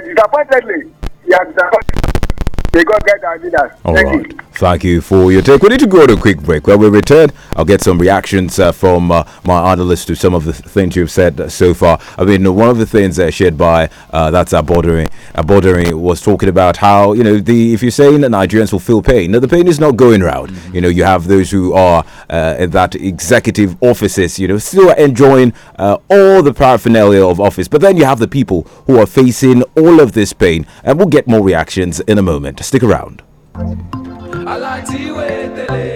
disappointedly, he has disappointed. May God guide our leaders. All Thank right. you. Thank you for your take. We need to go to a quick break. When we return, I'll get some reactions uh, from uh, my analysts to some of the th things you've said uh, so far. I mean, one of the things shared by uh, that's our bordering, our uh, bordering was talking about how you know the if you're saying that Nigerians will feel pain, Now the pain is not going round. Mm -hmm. You know, you have those who are in that executive offices, you know, still enjoying all the paraphernalia of office, but then you have the people who are facing all of this pain, and we'll get more reactions in a moment. Stick around aláti wé tẹ̀lé.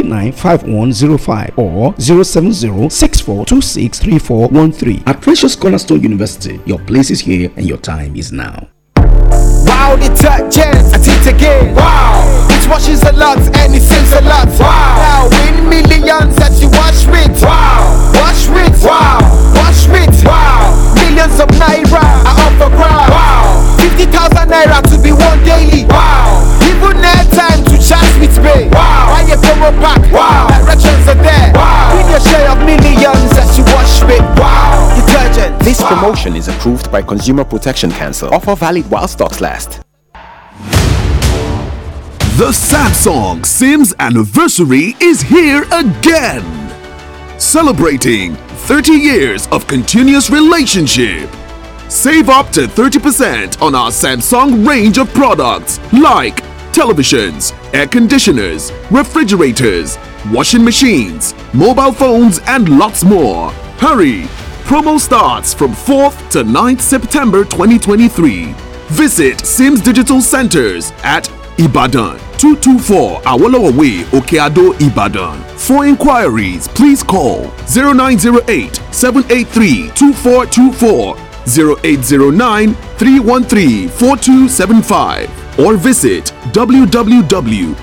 395105 or 070 At Precious Cornerstone University, your place is here and your time is now. Wow, the touches, I it again. Wow, it washes a lot and it saves a lot. Wow, now win millions that you watch with. Wow. is approved by Consumer Protection Council. Offer valid while stocks last. The Samsung Sims anniversary is here again. Celebrating 30 years of continuous relationship. Save up to 30% on our Samsung range of products like televisions, air conditioners, refrigerators, washing machines, mobile phones, and lots more. Hurry! promo starts from 4th to 9th September 2023. Visit Sims Digital Centers at Ibadan, 224 Awolowo Way, Okeado, Ibadan. For inquiries, please call 0908 783 2424, 0809 313 4275 or visit www.simsng.com.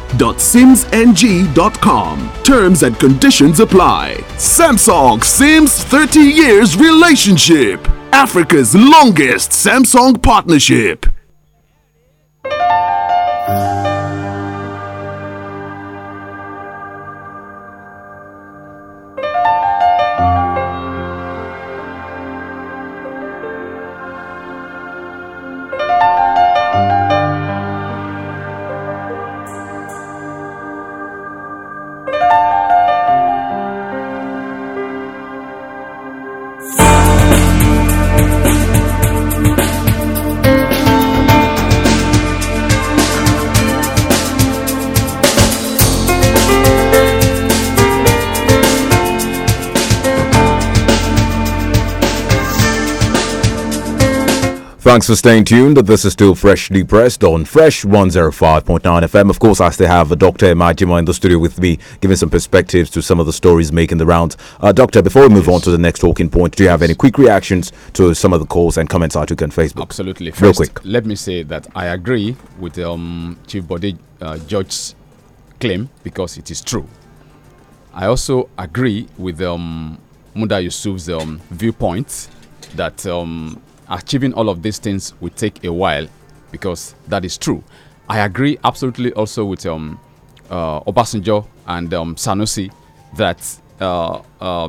Terms and conditions apply. Samsung Sims 30 years relationship. Africa's longest Samsung partnership. Thanks for staying tuned. This is still freshly pressed on Fresh 105.9 FM. Of course, I still have Dr. Majima in the studio with me, giving some perspectives to some of the stories making the rounds. Uh, doctor, before we move yes. on to the next talking point, do you have any quick reactions to some of the calls and comments I took on Facebook? Absolutely. First, Real quick. Let me say that I agree with um, Chief Body uh, Judge's claim because it is true. I also agree with um, Muda Yusuf's um, viewpoint that um, achieving all of these things will take a while because that is true. I agree absolutely also with um, uh, Obasanjo and um, Sanusi that uh, uh,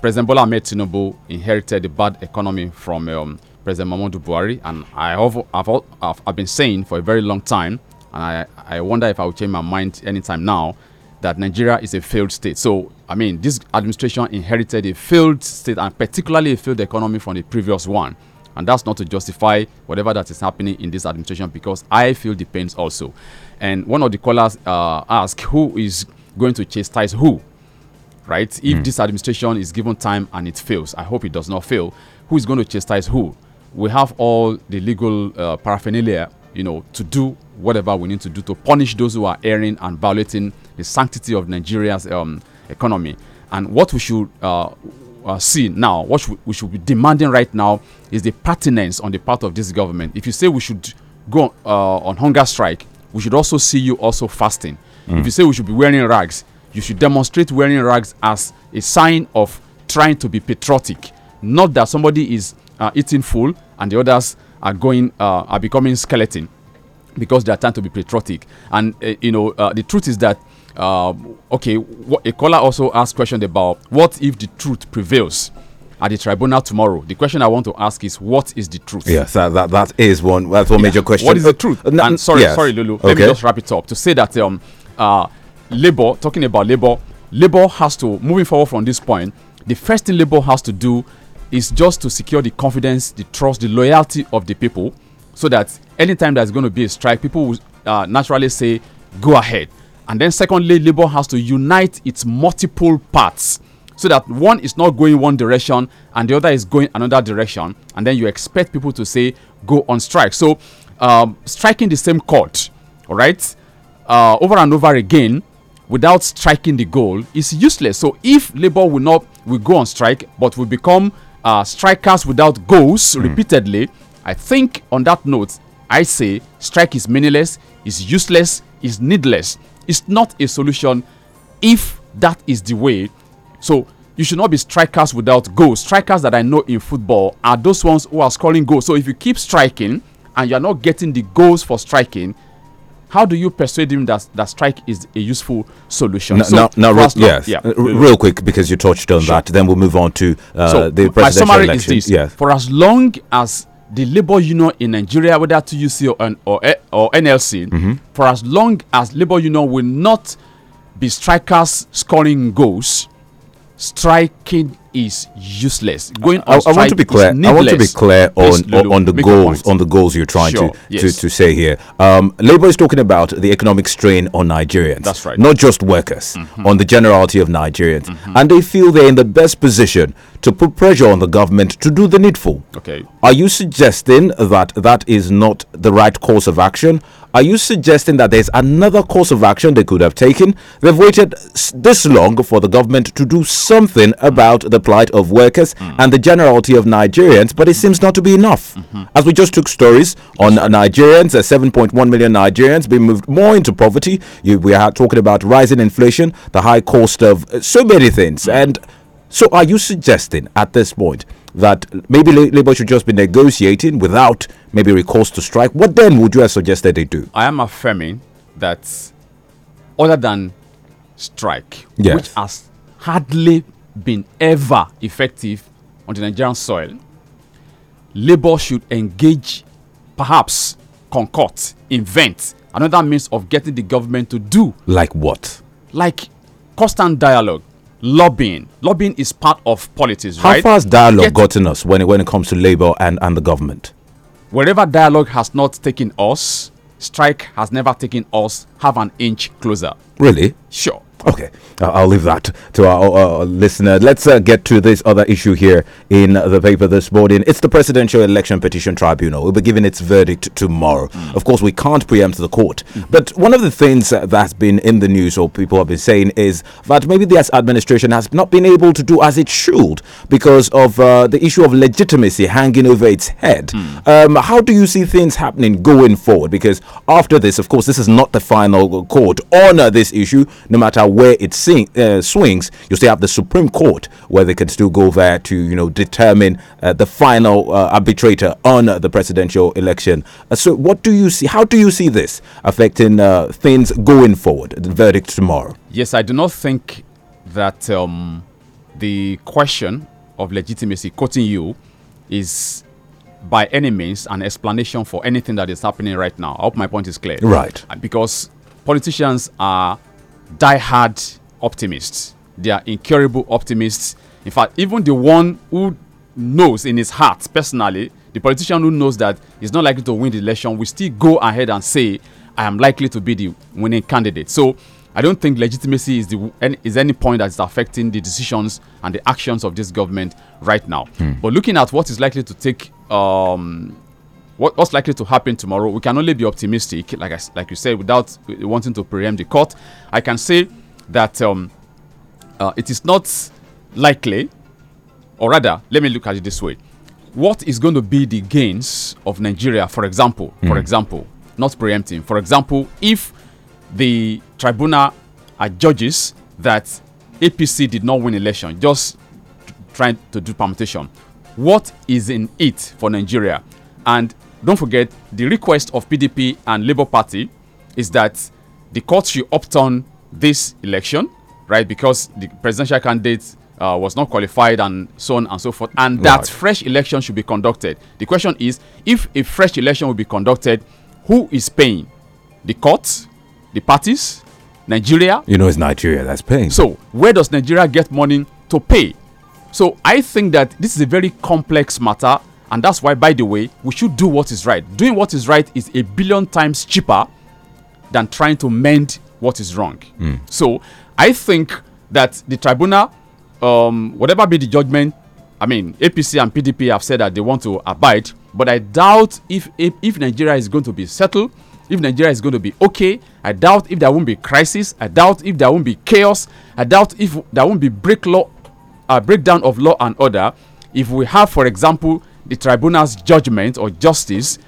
President Bola Ahmed Tinubu inherited a bad economy from um, President Mamadou Buhari, and I have, I've, I've, been saying for a very long time, and I, I wonder if I will change my mind anytime now, that Nigeria is a failed state. So, I mean, this administration inherited a failed state, and particularly a failed economy from the previous one. And that's not to justify whatever that is happening in this administration because I feel the pains also. And one of the callers uh, asked, Who is going to chastise who? Right? Mm. If hmm. this administration is given time and it fails, I hope it does not fail, who is going to chastise who? We have all the legal uh, paraphernalia, you know, to do whatever we need to do to punish those who are erring and violating the sanctity of Nigeria's um, economy. And what we should, uh, uh, see now, what should we, we should be demanding right now is the pertinence on the part of this government. If you say we should go uh, on hunger strike, we should also see you also fasting. Mm. If you say we should be wearing rags, you should demonstrate wearing rags as a sign of trying to be patriotic, not that somebody is uh, eating full and the others are going uh, are becoming skeleton because they are trying to be patriotic. And uh, you know uh, the truth is that um, okay, what, a caller also asked question about what if the truth prevails at the tribunal tomorrow. The question I want to ask is, what is the truth? Yes, that that, that is one. That's one yeah. major question. What is the uh, truth? Uh, and sorry, yes. sorry, Lulu. Okay. Let me just wrap it up to say that um, uh, labor. Talking about labor, labor has to moving forward from this point. The first thing labor has to do is just to secure the confidence, the trust, the loyalty of the people, so that anytime there's going to be a strike, people will uh, naturally say, "Go ahead." And then, secondly, Labour has to unite its multiple parts so that one is not going one direction and the other is going another direction. And then you expect people to say, go on strike. So, um, striking the same court, all right, uh, over and over again without striking the goal is useless. So, if Labour will not will go on strike but will become uh, strikers without goals mm. repeatedly, I think on that note, I say strike is meaningless, is useless, is needless. It's not a solution if that is the way. So you should not be strikers without goals. Strikers that I know in football are those ones who are scoring goals. So if you keep striking and you're not getting the goals for striking, how do you persuade him that that strike is a useful solution? No, so now, now real, yeah. Uh, real quick because you touched on sure. that. Then we'll move on to uh, so the presidential my summary election. Is this, yes. For as long as the labor union in Nigeria, whether to UC or, or, or NLC, mm -hmm. for as long as labor union will not be strikers scoring goals, striking is useless. Going on I, I want to be clear. I want to be clear on on the goals on the goals you're trying sure, to, yes. to to say here. Um, Labour is talking about the economic strain on Nigerians. That's right. Not just workers, mm -hmm. on the generality of Nigerians, mm -hmm. and they feel they're in the best position to put pressure on the government to do the needful. Okay. Are you suggesting that that is not the right course of action? Are you suggesting that there's another course of action they could have taken? They've waited this long for the government to do something mm. about the plight of workers mm. and the generality of Nigerians, but it seems not to be enough. Mm-hmm. As we just took stories on Nigerians, uh, 7.1 million Nigerians being moved more into poverty. You, we are talking about rising inflation, the high cost of uh, so many things. Mm. And so, are you suggesting at this point? that maybe labor should just be negotiating without maybe recourse to strike, what then would you have suggested they do? I am affirming that other than strike, yes. which has hardly been ever effective on the Nigerian soil, Labour should engage, perhaps concord, invent another means of getting the government to do. Like what? Like constant dialogue, lobbying. Lobbying is part of politics, How right? far has dialogue Get gotten us when it, when it comes to Labour and, and the government? Wherever dialogue has not taken us, strike has never taken us, half an inch closer. Really? Sure. Okay, uh, I'll leave that to our uh, listener. Let's uh, get to this other issue here in the paper this morning. It's the Presidential Election Petition Tribunal. We'll be giving its verdict tomorrow. Mm. Of course, we can't preempt the court. Mm. But one of the things that's been in the news or people have been saying is that maybe the administration has not been able to do as it should because of uh, the issue of legitimacy hanging over its head. Mm. Um, how do you see things happening going forward? Because after this, of course, this is not the final court on this issue, no matter where it sing, uh, swings, you still have the Supreme Court where they can still go there to you know determine uh, the final uh, arbitrator on the presidential election. Uh, so, what do you see? How do you see this affecting uh, things going forward? The verdict tomorrow. Yes, I do not think that um, the question of legitimacy, quoting you, is by any means an explanation for anything that is happening right now. I hope my point is clear. Right. Because politicians are die-hard optimists. They are incurable optimists. In fact, even the one who knows in his heart personally, the politician who knows that he's not likely to win the election, will still go ahead and say, "I am likely to be the winning candidate." So. I don't think legitimacy is the is any point that is affecting the decisions and the actions of this government right now. Mm. But looking at what is likely to take um, what, what's likely to happen tomorrow? We can only be optimistic, like I, like you said, without wanting to preempt the court. I can say that um, uh, it is not likely, or rather, let me look at it this way: what is going to be the gains of Nigeria, for example, mm. for hmm. example, not preempting, for example, if the tribunal judges that APC did not win election, just trying to do permutation. What is in it for Nigeria? And don't forget the request of PDP and Labour Party is that the court should opt on this election, right? Because the presidential candidate uh, was not qualified and so on and so forth, and right. that fresh election should be conducted. The question is if a fresh election will be conducted, who is paying? The courts, the parties, Nigeria? You know, it's Nigeria that's paying. So, where does Nigeria get money to pay? So, I think that this is a very complex matter and that's why, by the way, we should do what is right. Doing what is right is a billion times cheaper than trying to mend what is wrong. Mm. So I think that the tribunal, um, whatever be the judgment, I mean, APC and PDP have said that they want to abide, but I doubt if, if, if Nigeria is going to be settled, if Nigeria is going to be okay, I doubt if there won't be crisis, I doubt if there won't be chaos, I doubt if there won't be break law, uh, breakdown of law and order. If we have, for example, the tribunal's judgment or justice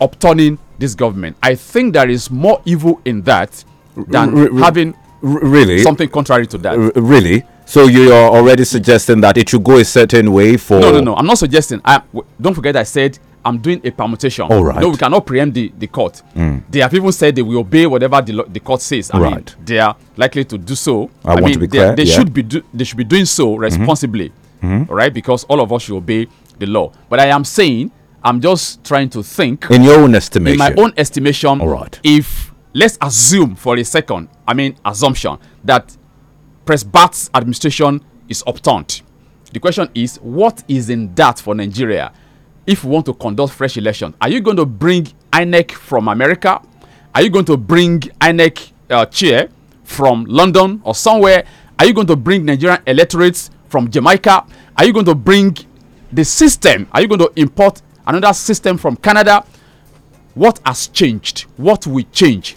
upturning this government. I think there is more evil in that than r having really something contrary to that. R really? So you are already suggesting that it should go a certain way for? No, no, no. I'm not suggesting. I don't forget I said I'm doing a permutation. All right. No, we cannot preempt the, the court. Mm. They have even said they will obey whatever the, the court says. I right. Mean, they are likely to do so. I, I want mean, to be clear. They, yeah. should be do, they should be doing so mm-hmm. responsibly. Mm -hmm. All right, because all of us should obey the law. But I am saying, I'm just trying to think. In your own estimation. In my own estimation. All right. If, let's assume for a second, I mean, assumption, that Presbat's administration is upturned. The question is, what is in that for Nigeria? If we want to conduct fresh elections, are you going to bring INEC from America? Are you going to bring INEC uh, chair from London or somewhere? Are you going to bring Nigerian electorates from Jamaica? Are you going to bring the system are you going to import another system from canada what has changed what will change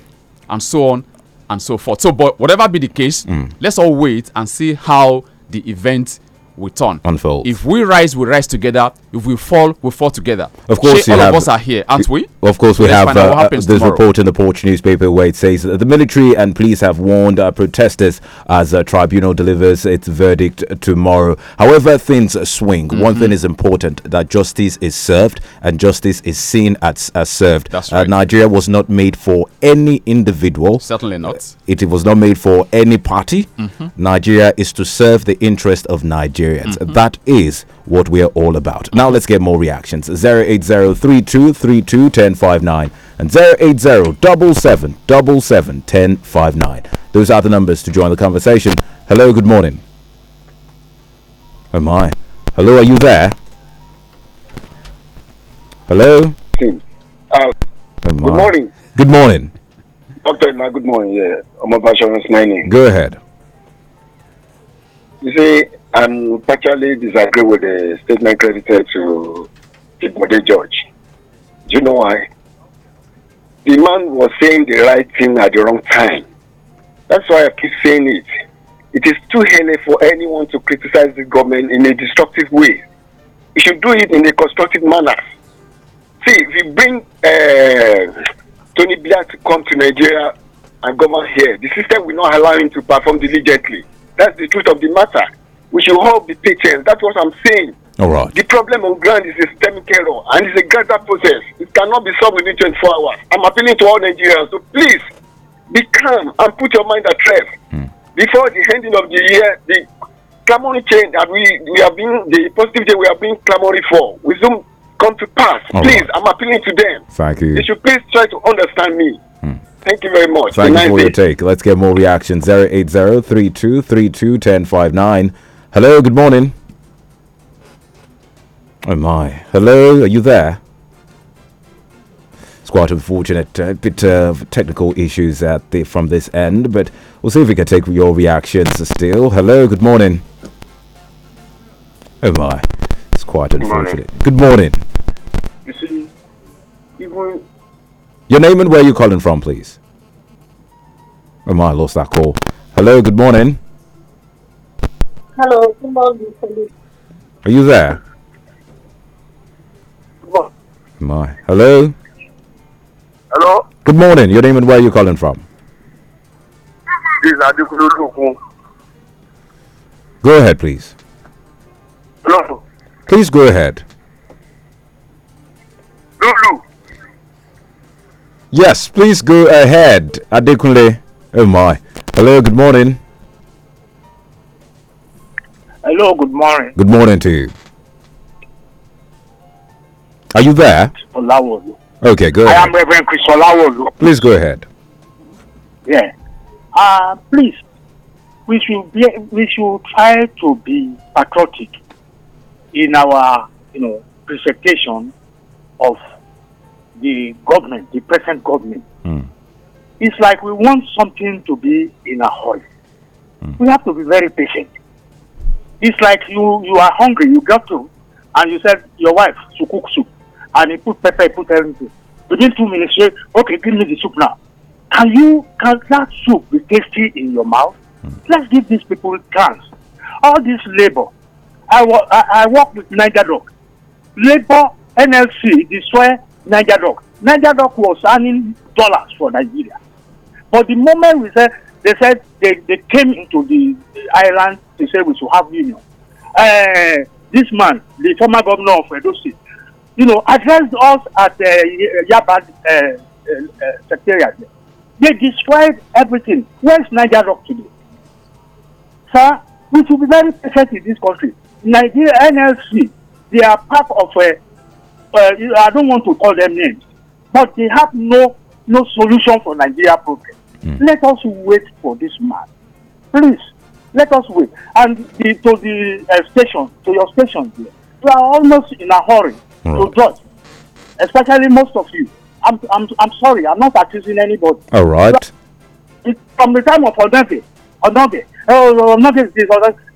and so on and so forth so but whatever be the case mm. let's all wait and see how the event we turn. Unfold. If we rise, we rise together. If we fall, we fall together. Of course, all have, of us are here, aren't we? Of course, we Let's have uh, this report in the Porch newspaper where it says the military and police have warned uh, protesters as a tribunal delivers its verdict tomorrow. However, things swing. Mm -hmm. One mm-hmm. thing is important that justice is served and justice is seen as, as served. That's uh, right. Uh, Nigeria was not made for any individual. Certainly not. It, it was not made for any party. Mm -hmm. Nigeria is to serve the interest of Nigeria experience. Mm-hmm. That is what we are all about. Mm-hmm. Now let's get more reactions. 08032321059 and 08077771059. Those are the numbers to join the conversation. Hello, good morning. Oh my. Hello, are you there? Hello? Uh, oh good morning. Good morning. Doctor, good morning. Yeah, I'm a passionate Go ahead. You see, I'm partially disagree with the statement credited to Kikode George. Do you know why? The man was saying the right thing at the wrong time. That's why I keep saying it. It is too early for anyone to criticize the government in a destructive way. You should do it in a constructive manner. See, if you bring uh, Tony Blair to come to Nigeria and govern here, the system will not allow him to perform diligently. That's the truth of the matter we should help the patient. That's what I'm saying. All right. The problem on ground is a systemic error and it's a gradual process. It cannot be solved within 24 hours. I'm appealing to all Nigerians to so please be calm and put your mind at rest. Mm. Before the ending of the year, the clamoring change that we, we have been, the positive change we have been clamoring for, will soon come to pass. All please, right. I'm appealing to them. Thank you. They should please try to understand me. Hmm. Thank you very much. Thank you for your take. Let's get more reactions. 080 3232 1059. Hello, good morning. Oh my. Hello, are you there? It's quite unfortunate. A bit of technical issues at the, from this end, but we'll see if we can take your reactions still. Hello, good morning. Oh my. It's quite unfortunate. Good morning. Good morning. You see, even your name and where you're calling from, please. Oh my, I lost that call. Hello, good morning. Hello, good morning, Are you there? What? My. Hello? Hello? Good morning. Your name and where you calling from? This is Adekunle Go ahead, please. Hello? Please go ahead. Lulu. Yes, please go ahead, Adekunle. Oh my. Hello, good morning. Hello, good morning. Good morning to you. Are you there? Olawolu. Okay, Good. I am Reverend Chris Olawolu. Please go ahead. Yeah. Uh, please, we should, be, we should try to be patriotic in our, you know, presentation of the government, the present government. Mm. It's like we want something to be in a hurry. Mm. We have to be very patient. It's like you you are hungry, you got to, and you said your wife to cook soup, and he put pepper, he put everything. Within two minutes, you say, okay, give me the soup now. Can you can that soup be tasty in your mouth? Hmm. Let's give these people chance. All this labor. I, wa- I, I work with Niger Doc. Labor NLC destroyed Niger Doc. Niger Doc was earning dollars for Nigeria. But the moment we said, they said, they, they came into the, the island to say we should have union. Uh, this man, the former governor of Edo State, you know, addressed us at uh, Yaba uh, uh, Secretariat. They destroyed everything. Where's Niger Rock today? Sir, we should be very patient in this country. Nigeria NLC, they are part of a, uh, I don't want to call them names, but they have no no solution for Nigeria problem. Mm. Let us wait for this man. Please, let us wait. And the, to the uh, station, to your station there, you are almost in a hurry right. to judge, especially most of you. I'm, I'm, I'm sorry, I'm not accusing anybody. All right. It's from the time of Onobe, Onobe, oh, Onobe is this,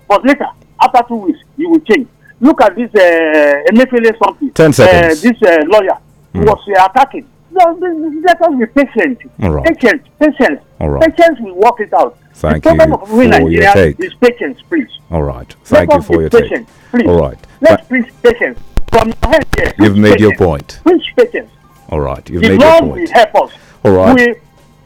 but later, after two weeks, you will change. Look at this uh, Emefiele something. Ten uh, seconds. Uh, this uh, lawyer mm. was uh, attacking no, let us be patient. All right. Patient, patient. All right. Patience will work it out. Thank you for Nigeria your take. Is patience, please. All right. Thank let you for your patient, take. Please. All right. Let's preach patience from your head. You've made patience. your point. Preach patience. All right. You've the made Lord your point. Will help us. All right. We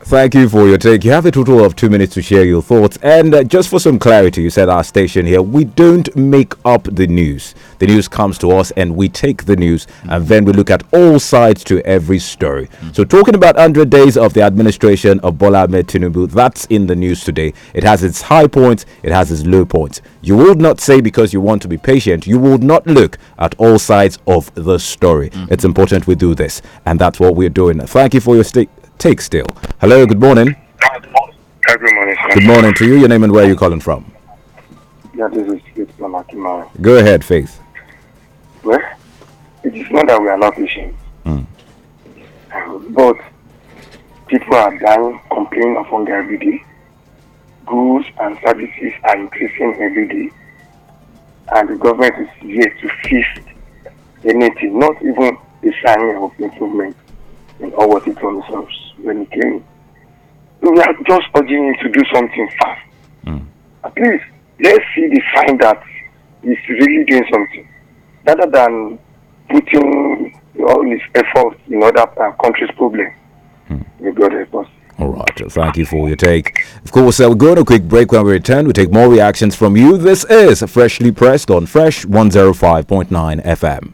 Thank you for your take. You have a total of two minutes to share your thoughts. And uh, just for some clarity, you said our station here, we don't make up the news. The news comes to us and we take the news and then we look at all sides to every story. So, talking about 100 days of the administration of Bola Ahmed Tinubu, that's in the news today. It has its high points, it has its low points. You would not say because you want to be patient, you would not look at all sides of the story. Mm -hmm. It's important we do this, and that's what we're doing. Thank you for your stake take still. Hello, good morning. Good morning. Good morning to you. Your name and where are you calling from? Yeah, this is Faith Mamakimara. Go ahead, Faith. Well, it is not that we are not fishing, mm. Um, but people are dying, complaining of hunger every day. Goods and services are increasing every day, and the government is yet to fix anything, not even the sign of improvement in all what it promises when he came. So we are just urging him to do something fast. Mm. At least let's see the sign that he's really doing something rather than putting all his efforts in other uh, countries' problem. Mm. May God help All right. Thank you for your take. Of course, uh, we'll go on a quick break when we return. we take more reactions from you. This is Freshly Pressed on Fresh 105.9 FM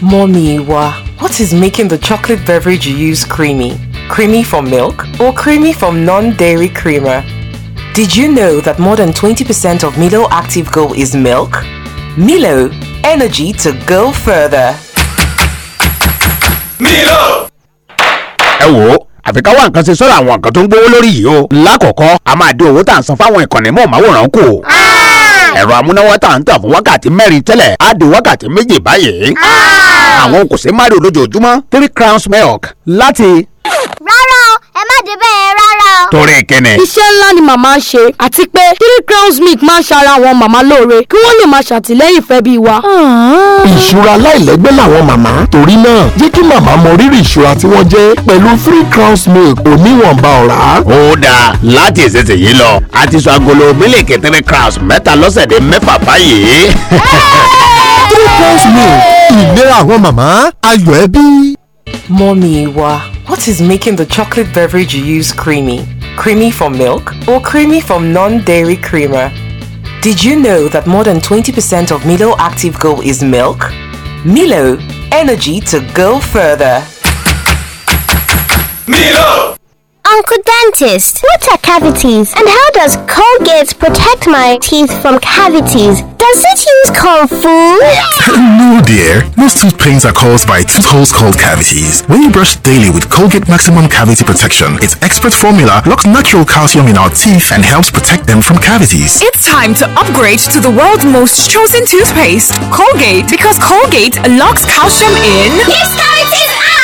Mommy, what is making the chocolate beverage you use creamy? Creamy from milk or creamy from non-dairy creamer? Did you know that more than 20% of Milo Active Go is milk? Milo, energy to go further. Milo! ẹ wò ó àfi ká wá nǹkan ṣe afika o. lákọ̀ọ́kọ́ a máa dín owó tá à ń san fáwọn ìkànnì mọ̀ọ́máwòrán kù. Ah! ẹ̀rọ amúnáwá tá à ń tàn fún wákàtí mẹ́rin tẹ́lẹ̀ á di wákàtí méjì báyìí. Ah! àwọn kò sí máre olójoojúmọ́ three crowns milk láti. rárá má dé bẹ́ẹ̀ rárá torí kẹ́nẹ̀. iṣẹ́ ńlá ni màmá ń ṣe àti pé three crowns milk máa ń ṣara àwọn màmá lóore kí wọ́n lè máa ṣàtìlẹ́yìn fẹ́ bí wa. Ah. ìṣúra aláìlẹ́gbẹ́ làwọn màmá torí náà jẹ́ kí màmá mọ rírì ìṣúra tí wọ́n jẹ́ pẹ̀lú three crowns milk oníwọ̀nba ọ̀rá. ó dáa láti ìṣẹ̀ṣẹ̀ yìí lọ a ti sọ agolo mílíkì three crowns mẹ́ta lọ́sẹ̀ dé mẹ́fà báyìí. three crowns milk ìlera àwọn màmá ayọ̀ ẹbí. Mommy, what is making the chocolate beverage you use creamy? Creamy from milk or creamy from non-dairy creamer? Did you know that more than 20% of Milo Active Go is milk? Milo, energy to go further. Milo! Uncle Dentist. What are cavities? And how does Colgate protect my teeth from cavities? Does it use cold food? no, dear. Most tooth pains are caused by tooth holes called cavities. When you brush daily with Colgate Maximum Cavity Protection, its expert formula locks natural calcium in our teeth and helps protect them from cavities. It's time to upgrade to the world's most chosen toothpaste, Colgate, because Colgate locks calcium in. Yes, cavities out!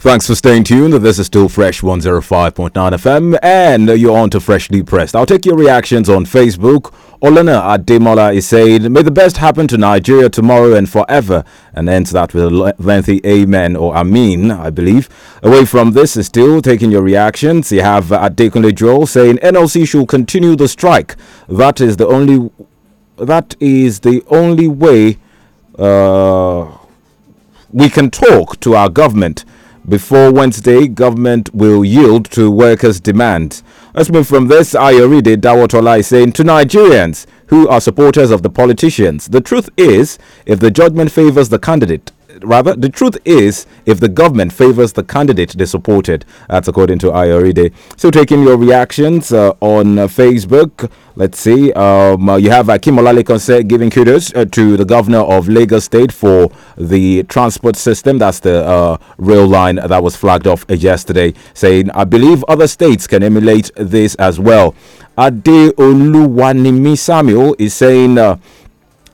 Thanks for staying tuned. This is still Fresh 105.9 FM, and you're on to Freshly Pressed. I'll take your reactions on Facebook. Olena Ademola is saying, May the best happen to Nigeria tomorrow and forever, and ends that with a lengthy amen or amin, I believe. Away from this is still taking your reactions. You have uh, Adekunle Joel saying, NLC should continue the strike. That is the only, that is the only way uh, we can talk to our government. Before Wednesday, government will yield to workers' demand. Let's move from this. Ayoride Dawotola is saying to Nigerians who are supporters of the politicians, the truth is, if the judgment favors the candidate, rather, the truth is, if the government favors the candidate they supported, that's according to Ayoride. So, taking your reactions uh, on uh, Facebook, let's see. Um, uh, you have Akim Olalekan giving kudos uh, to the governor of Lagos State for the transport system. That's the uh, rail line that was flagged off yesterday, saying, I believe other states can emulate this as well. Ade Oluwanimi Samuel is saying, uh,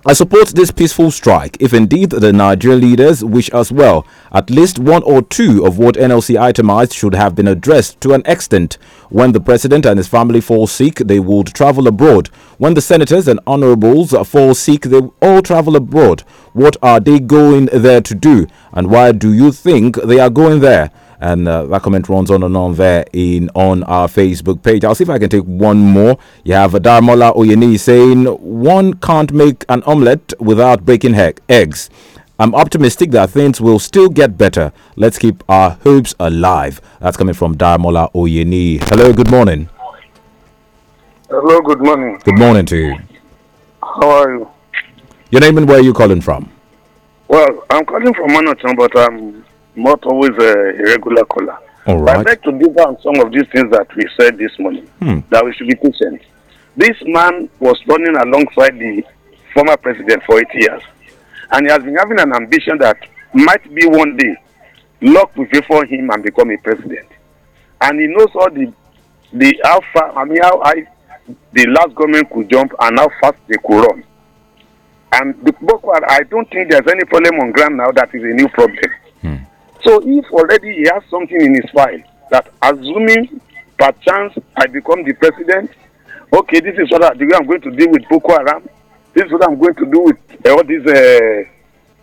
I support this peaceful strike if indeed the Nigeria leaders wish us well. At least one or two of what NLC itemized should have been addressed to an extent. When the president and his family fall sick, they would travel abroad. When the senators and honorables fall sick, they all travel abroad. What are they going there to do? And why do you think they are going there? And uh, that comment runs on and on there in on our Facebook page. I'll see if I can take one more. You have Damola Oyeni saying, One can't make an omelette without breaking heck eggs. I'm optimistic that things will still get better. Let's keep our hopes alive. That's coming from Damola Oyeni. Hello, good morning. Hello, good morning. Good morning to you. How are you? Your name and where are you calling from? Well, I'm calling from Manhattan, but I'm not always a regular caller. All right. I'd like to give on some of these things that we said this morning, hmm. that we should be patient. This man was running alongside the former president for eight years, and he has been having an ambition that might be one day luck will favor him and become a president. And he knows all the the how far I mean how high the last government could jump and how fast they could run. And the Boko I don't think there's any problem on ground now that is a new problem. Hmm. So if already he has something in his file that assuming perchance I become the president, okay, this is what I, am going to deal with Boko Haram, this is what I'm going to do with uh, all these uh,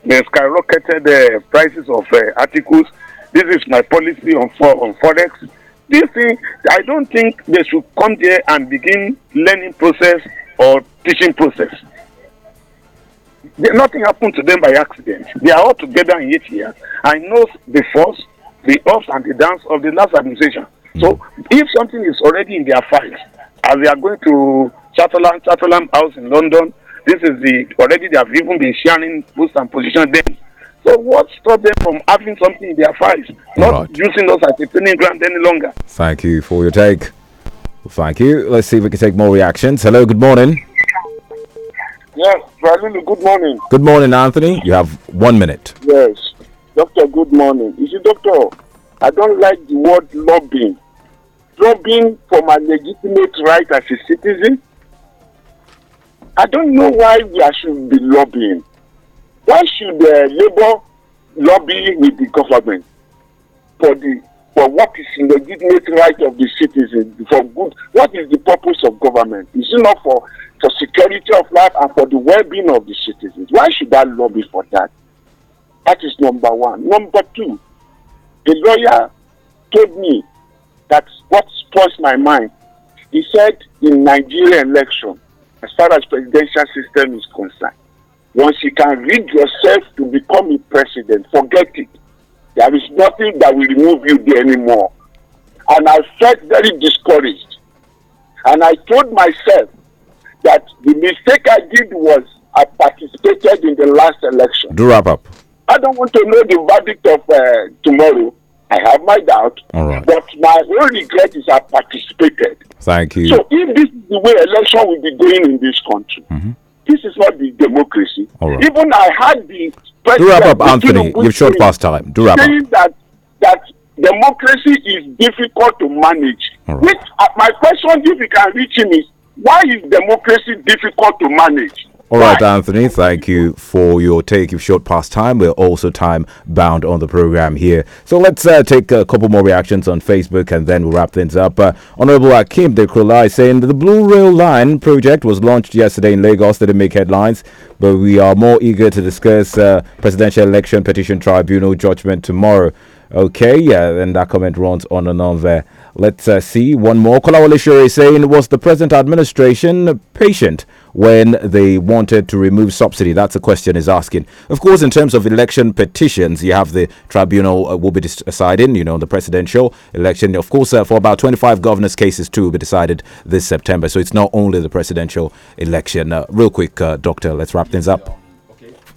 skyrocketed prices of articles, this is my policy on, for, on Forex. This thing, I don't think they should come there and begin learning process or teaching process nothing happened to them by accident. They are all together in eight years. I know the force, the ups and the downs of the last administration. Mm. So hmm. if something is already in their files, as they are going to Chatterlam, Chatham House in London, this is the already they have even been sharing boost and position then. So what stopped them from having something in their files, not right. using us as a training ground any longer? Thank you for your take. Thank you. Let's see if we can take more reactions. Hello, good morning. Yes, Valulu, good morning. Good morning, Anthony. You have one minute. Yes. Doctor, good morning. You see, Doctor, I don't like the word lobbying. Lobbying for my legitimate right as a citizen. I don't know why we should be lobbying. Why should the Labour lobby with the government for the for what is the legitimate right of the citizen for good? What is the purpose of government? Is it not for for security of life and for the well-being of the citizens. Why should I lobby for that? That is number one. Number two, the lawyer told me that what spoils my mind. He said in Nigeria election, as far as presidential system is concerned, once you can rid yourself to become a president, forget it. There is nothing that will remove you there anymore. And I felt very discouraged. And I told myself that the mistake I did was I participated in the last election. Do wrap up. I don't want to know the verdict of uh, tomorrow. I have my doubt. All right. But my only regret is I participated. Thank you. So if this is the way election will be going in this country, mm-hmm. this is not the democracy. All right. Even I had the Do wrap up, Anthony. You've short past time. Do wrap saying up. that that democracy is difficult to manage. All right. Which uh, my question, if you can reach him, is why is democracy difficult to manage? All right, Anthony, thank you for your take. You've past time. We're also time bound on the program here. So let's uh, take a couple more reactions on Facebook and then we'll wrap things up. Uh, Honorable Akim de Krula saying the Blue Rail Line project was launched yesterday in Lagos. Didn't make headlines, but we are more eager to discuss uh, presidential election petition tribunal judgment tomorrow. Okay, yeah, Then that comment runs on and on there. Let's uh, see one more. Kolawole is saying, was the present administration patient when they wanted to remove subsidy? That's a question he's asking. Of course, in terms of election petitions, you have the tribunal uh, will be deciding, you know, the presidential election. Of course, uh, for about 25 governors' cases too will be decided this September. So it's not only the presidential election. Uh, real quick, uh, Doctor, let's wrap things up.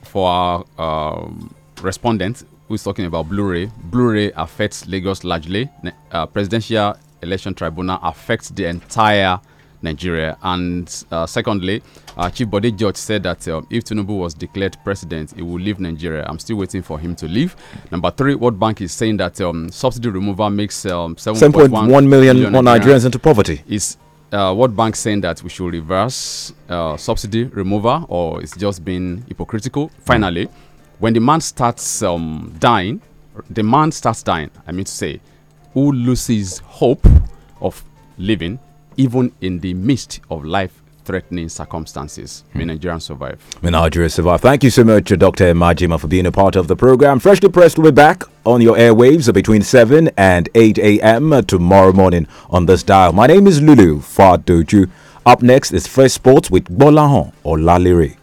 For our um, respondents, who's talking about Blu-ray. Blu-ray affects Lagos largely. Uh, Presidential Election Tribunal affects the entire Nigeria. And uh, secondly, uh, Chief Body Judge said that uh, if Tinubu was declared president, he will leave Nigeria. I'm still waiting for him to leave. Number three, World Bank is saying that um, subsidy removal makes um, 7.1 million, million more Nigerians into poverty. Is uh, World Bank saying that we should reverse uh, subsidy removal, or it's just being hypocritical? Finally. Mm. When the man starts um, dying, the man starts dying, I mean to say, who loses hope of living even in the midst of life threatening circumstances. May hmm. Nigerians survive. May Nigeria survive. Thank you so much, uh, Dr. Majima, for being a part of the program. Freshly Pressed will be back on your airwaves between 7 and 8 a.m. Uh, tomorrow morning on this dial. My name is Lulu Fadoju. Up next is Fresh Sports with Bolahon or Lalire.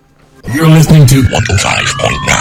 You're listening to 105.9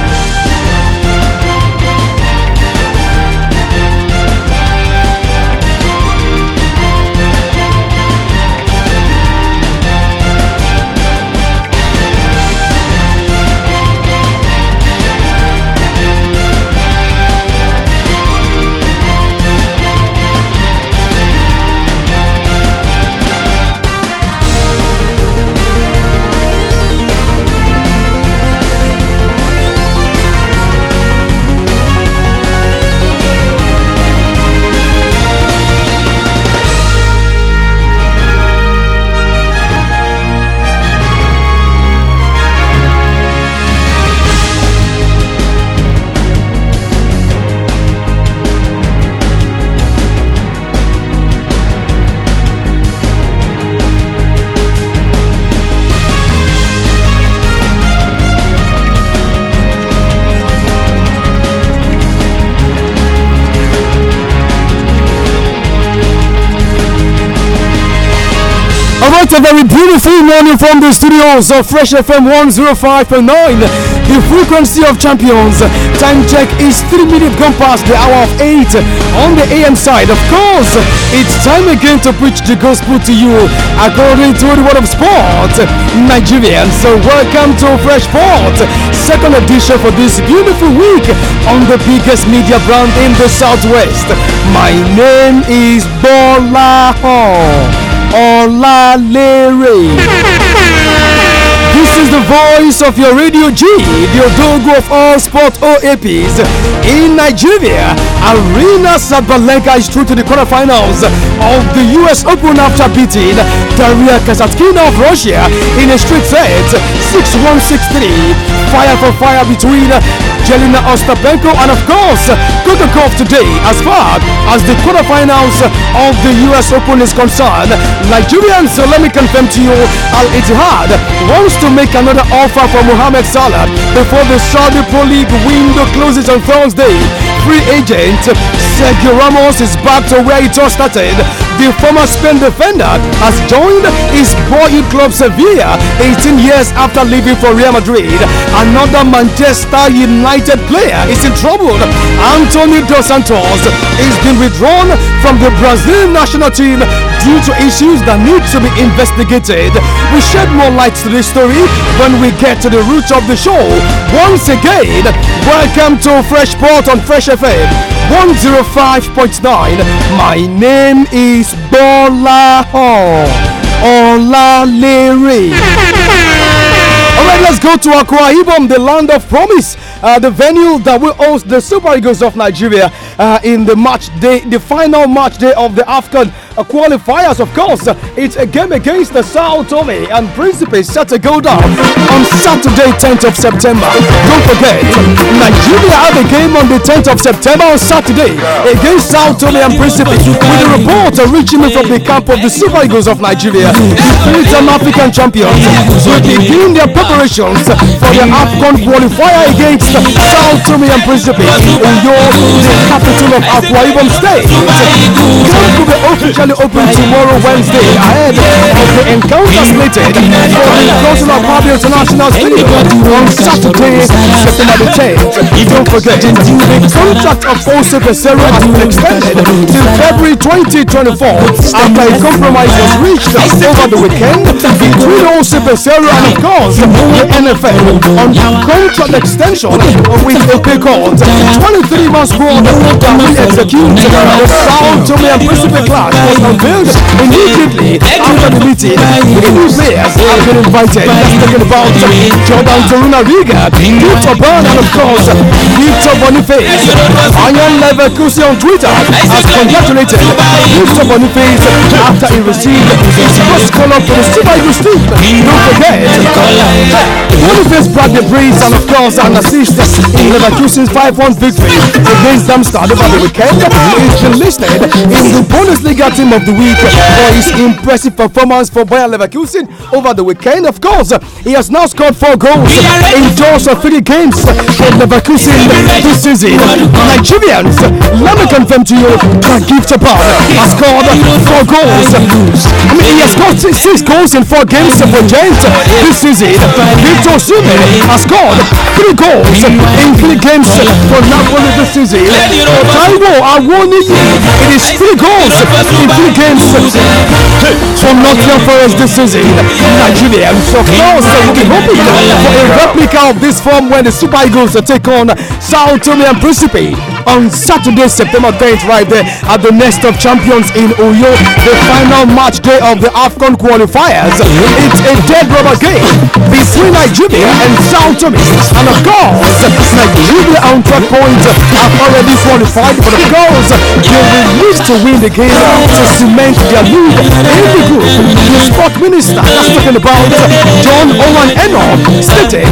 It's a very beautiful morning from the studios of Fresh FM 105.9, the frequency of champions. Time check is 3 minutes gone past the hour of 8 on the AM side. Of course, it's time again to preach the gospel to you according to the word of sport, Nigerians. So, welcome to Fresh Sport, second edition for this beautiful week on the biggest media brand in the southwest. My name is Bola Hall. Olalere. This is the voice of your Radio G, the Odogo of all sport OAPs in Nigeria. Arena Sabalenka is through to the quarterfinals of the US Open after beating Daria Kazatkina of Russia in a straight set 6 1 6 3. Fire for fire between Jelena Ostapenko, and of course, Kudakov today as far as the quarterfinals of the US Open is concerned. Nigerian, so let me confirm to you, Al Ittihad wants to make another offer for Mohamed Salah before the Saudi Pro League window closes on Thursday free agent Sergio Ramos is back to where it all started. The former Spain defender has joined his boyhood club Sevilla 18 years after leaving for Real Madrid. Another Manchester United player is in trouble. Antonio Dos Santos has been withdrawn from the Brazil national team due to issues that need to be investigated. We shed more light to this story when we get to the root of the show. Once again, welcome to Fresh Port on Fresh FM 105.9. My name is Bola Hall. Ola Leary. Alright, let's go to Akwa Ibom, the land of promise, uh, the venue that will host the Super Eagles of Nigeria uh, in the match day, the final match day of the AFCON qualifiers, of course. It's a game against the Sao Tome and Principe set to go down on Saturday, 10th of September. Don't forget, Nigeria have a game on the 10th of September on Saturday against Sao Tome and Principe. With a report reaching me from the camp of the Super Eagles of Nigeria, the African champions will begin their preparations for the AFCON qualifier against Sao Tome and Principe in your capital of Akwa Ibom State. Camp to the official officially open tomorrow, Wednesday, ahead of the encounter slated for the Council of Harvey International's video on Saturday, September the 10th. Don't forget, the contract of Ose Becerra has been extended till February 2024 after a compromise was reached over the weekend between Ose Becerra and, of course, the NFL on contract extension with Opecord. 23 months more than we execute the Sao Tome and Pacific class was unveiled immediately after the meeting. New players have been invited. Let's talk about uh, Jordan Zoruna Riga, Victor Brown, and of course, Victor Boniface. Iron Leverkusen on Twitter has congratulated Victor Boniface after he received his first call up for the Super Eagles team. Don't forget, Boniface brought the breeze and of course an assist in Leverkusen's 5-1 victory against Darmstadt over the weekend. He's been listed in the Bundesliga team team of the week for his impressive performance for Bayer Leverkusen over the weekend. Of course, he has now scored four goals in just three games for Leverkusen this season. Nigerians, let me confirm to you that Gift Japan has scored four goals. I mean, he has scored six goals in four games for Gent this season. Victor Osimhen has scored three goals in three games for Napoli this season. Taiwo Awoniyi, it is three goals in Africans. games from Nottingham Forest, this is in Nigeria and so France. We'll be hoping for a replica of this form when the Super Eagles take on Sao Tome and Principe on Saturday, September 10th, right there at the Nest of Champions in Uyo, the final match day of the AFCON qualifiers. It's a dead rubber game between Nigeria and Sao Tome. And of course, Nigeria on track point have already qualified, but the goals they will need to win the game to cement their lead in the group. The sport minister, that's talking about John Owen Enon, stated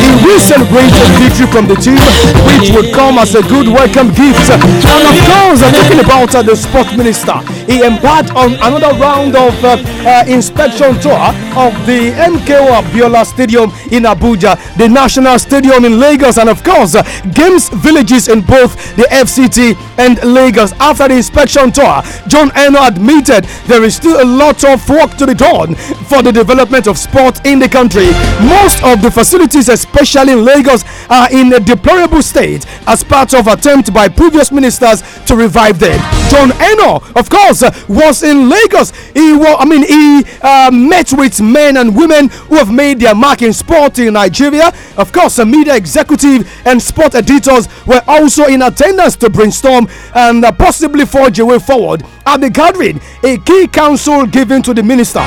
he will celebrate a victory from the team, which would come as a good work welcome gift. And of course, I'm talking about uh, the sports minister. He embarked on another round of uh, uh, inspection tour of the MKO Abiola Stadium in Abuja, the National Stadium in Lagos, and of course, uh, Games Villages in both the FCT and Lagos. After the inspection tour, John Eno admitted there is still a lot of work to be done for the development of sport in the country. Most of the facilities, especially in Lagos, are in a deplorable state as part of attempt by previous ministers to revive them. John Eno, of course, uh, was in Lagos. He was, I mean, he uh, met with men and women who have made their mark in sport in Nigeria. Of course, a media executive and sport editors were also in attendance to brainstorm and uh, possibly forge a way forward. At the gathering, a key counsel given to the minister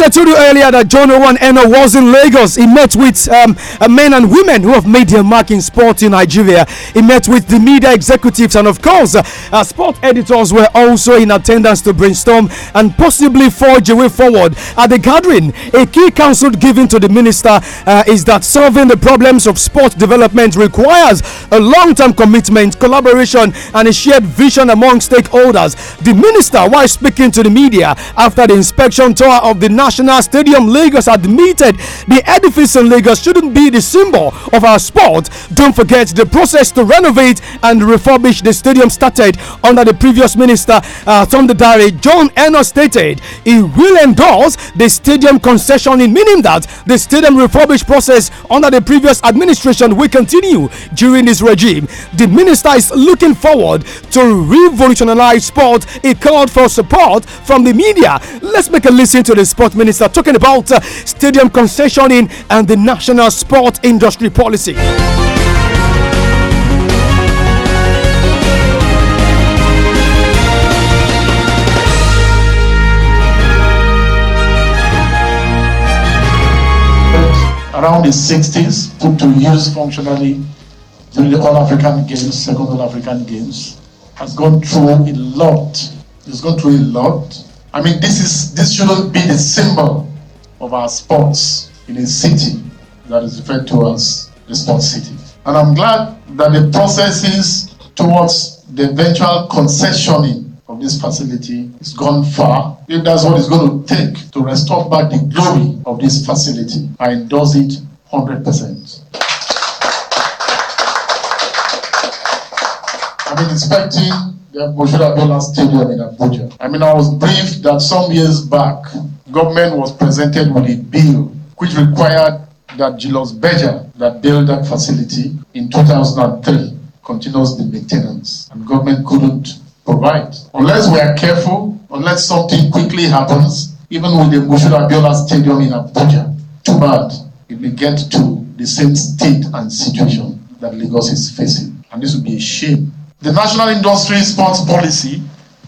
As I told you earlier, that John Owen Eno was in Lagos. He met with um, uh, men and women who have made their mark in sport in Nigeria. He met with the media executives, and of course, uh, uh, sport editors were also in attendance to brainstorm and possibly forge a way forward. At the gathering, a key counsel given to the minister uh, is that solving the problems of sport development requires a long term commitment, collaboration, and a shared vision among stakeholders. The minister, while speaking to the media after the inspection tour of the national National Stadium, Lagos admitted the edifice in Lagos shouldn't be the symbol of our sport. Don't forget the process to renovate and refurbish the stadium started under the previous minister, uh, Tom diary. John Enno stated he will endorse the stadium concession, in meaning that the stadium refurbish process under the previous administration will continue during this regime. The minister is looking forward to revolutionize sport. He called for support from the media. Let's make a listen to the sport Minister talking about uh, stadium concessioning and the national sport industry policy. around the 60s put to use functionally during the All African Games, second All African Games, has gone through a lot. It's gone through a lot. I mean, this is this shouldn't be the symbol of our sports in a city that is referred to as the sports city. And I'm glad that the processes towards the eventual concessioning of this facility has gone far. If that's what it's going to take to restore back the glory of this facility, I endorse it 100%. I've been expecting the we should have stadium in Abuja. I mean, I was briefed that some years back, government was presented with a bill which required that Gilos Beja, that built that facility in 2003, continues the maintenance. And government couldn't provide. Unless we are careful, unless something quickly happens, even with the Mushura Biola Stadium in Abuja, too bad it will get to the same state and situation that Lagos is facing. And this would be a shame the National Industry Sports Policy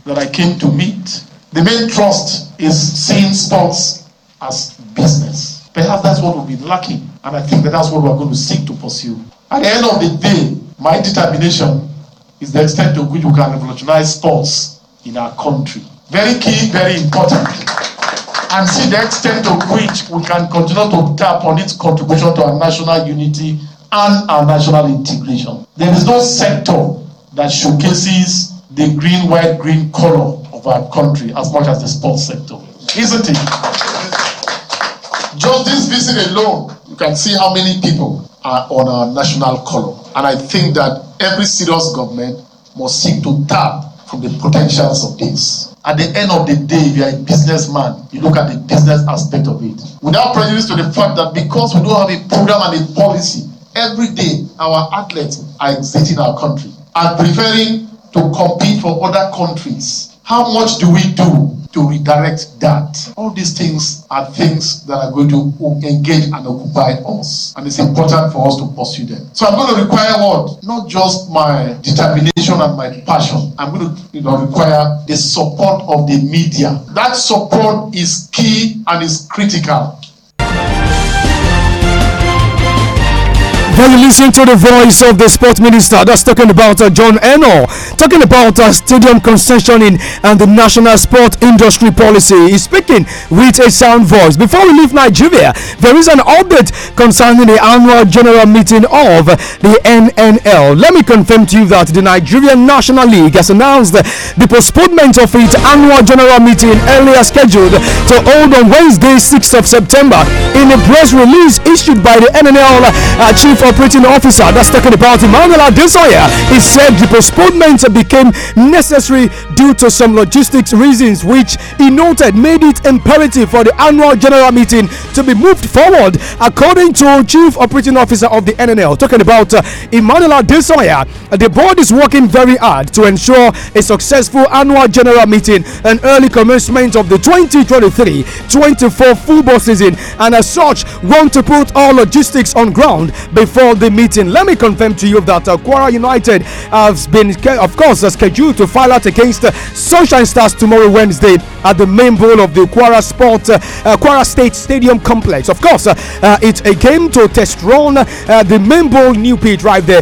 that I came to meet, the main thrust is seeing sports as business. Perhaps that's what we've been lacking, and I think that that's what we're going to seek to pursue. At the end of the day, my determination is the extent to which we can revolutionize sports in our country. Very key, very important. And see the extent to which we can continue to tap on its contribution to our national unity and our national integration. There is no sector that showcases the green, white, green color of our country as much as the sports sector. Isn't it? Just this visit alone, you can see how many people are on our national color. And I think that every serious government must seek to tap from the potentials of this. At the end of the day, if you are a businessman, you look at the business aspect of it. Without prejudice to the fact that because we don't have a program and a policy, every day our athletes are exiting our country. and preferring to compete for other countries. How much do we do to redirect that? All these things are things that are going to engage and occupy us, and it's important for us to pursue them. So I'm going to require what? Not just my determination and my passion. I'm going to you know, require the support of the media. That support is key and is critical while you listen to the voice of the sport minister that's talking about uh, John Eno, talking about uh, stadium concessioning and the national sport industry policy. He's speaking with a sound voice. Before we leave Nigeria, there is an update concerning the annual general meeting of the NNL. Let me confirm to you that the Nigerian National League has announced the postponement of its annual general meeting earlier scheduled to hold on Wednesday, 6th of September. In a press release issued by the NNL uh, chief Operating Officer, that's talking about Emmanuel Adesoya, he said the postponement became necessary due to some logistics reasons, which he noted made it imperative for the annual general meeting to be moved forward, according to Chief Operating Officer of the NNL. Talking about uh, Emmanuel Desoya, uh, the board is working very hard to ensure a successful annual general meeting and early commencement of the 2023 24 football season, and as such, want to put all logistics on ground before for the meeting. Let me confirm to you that uh, Quora United has been, of course, uh, scheduled to file out against uh, Sunshine Stars tomorrow, Wednesday, at the main bowl of the Quora Sport, uh, Quora uh, State Stadium complex. Of course, uh, uh, it's a game to test run the main bowl new pitch right there,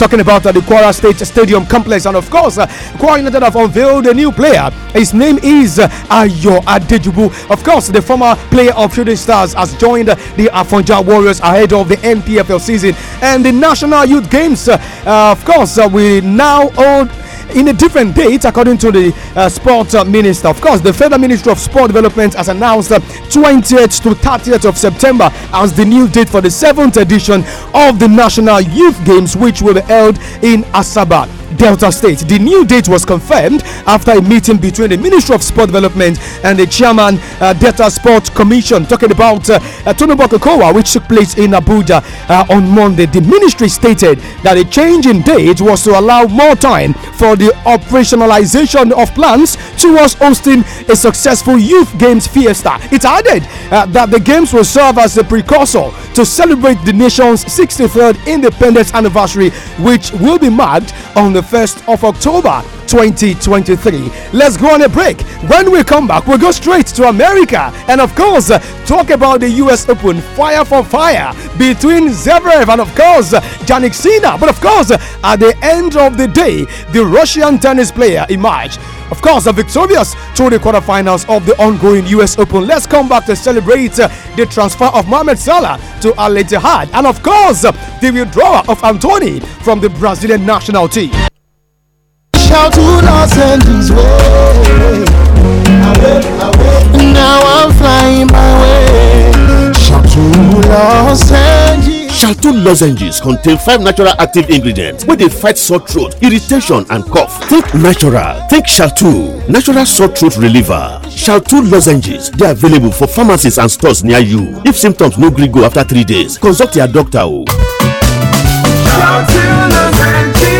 talking about the Quora State Stadium complex. And of course, uh, Quora United have unveiled a new player. His name is uh, Ayo Adejubu. Of course, the former player of Shooting Stars has joined the Afonja Warriors ahead of the NPFL season season and the National Youth Games. Uh, uh, of course, uh, we now hold in a different date, according to the uh, sport uh, minister. Of course, the Federal Ministry of Sport Development has announced uh, 20th to 30th of September as the new date for the seventh edition of the National Youth Games, which will be held in Asaba. Delta State. The new date was confirmed after a meeting between the Ministry of Sport Development and the Chairman uh, Delta Sport Commission, talking about uh, uh, Tonobokokoa, which took place in Abuja uh, on Monday. The ministry stated that a change in date was to allow more time for the operationalization of plans towards hosting a successful Youth Games Fiesta. It added uh, that the Games will serve as a precursor to celebrate the nation's 63rd independence anniversary, which will be marked on the 1st of October 2023. Let's go on a break. When we come back, we'll go straight to America and, of course, uh, talk about the US Open fire for fire between Zverev and, of course, Janik Sina. But, of course, uh, at the end of the day, the Russian tennis player emerged of course, are victorious through the quarterfinals of the ongoing US Open. Let's come back to celebrate uh, the transfer of Mohamed Salah to Al Ittihad and, of course, the withdrawal of Antony from the Brazilian national team. Shout to Los Angeles Away, away. Now I'm flying my way. Shout to Los Angeles. Shalto lozenges contain five natural active ingredients wey dey fight sore throat, irritation and cough. Think natural, think Shalto. natural sore throat reliever. Shalto lozenges dey available for pharmacies and stores near you. If symptoms no gree go after three days, consult your doctor oh. o. Chateau lozenges.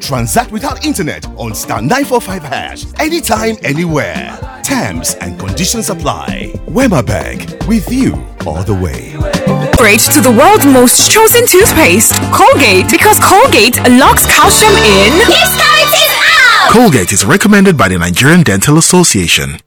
transact without internet on star 945 hash anytime, anywhere. Terms and conditions apply. Wema Bank with you all the way. Great to the world's most chosen toothpaste, Colgate, because Colgate locks calcium in. Colgate is recommended by the Nigerian Dental Association.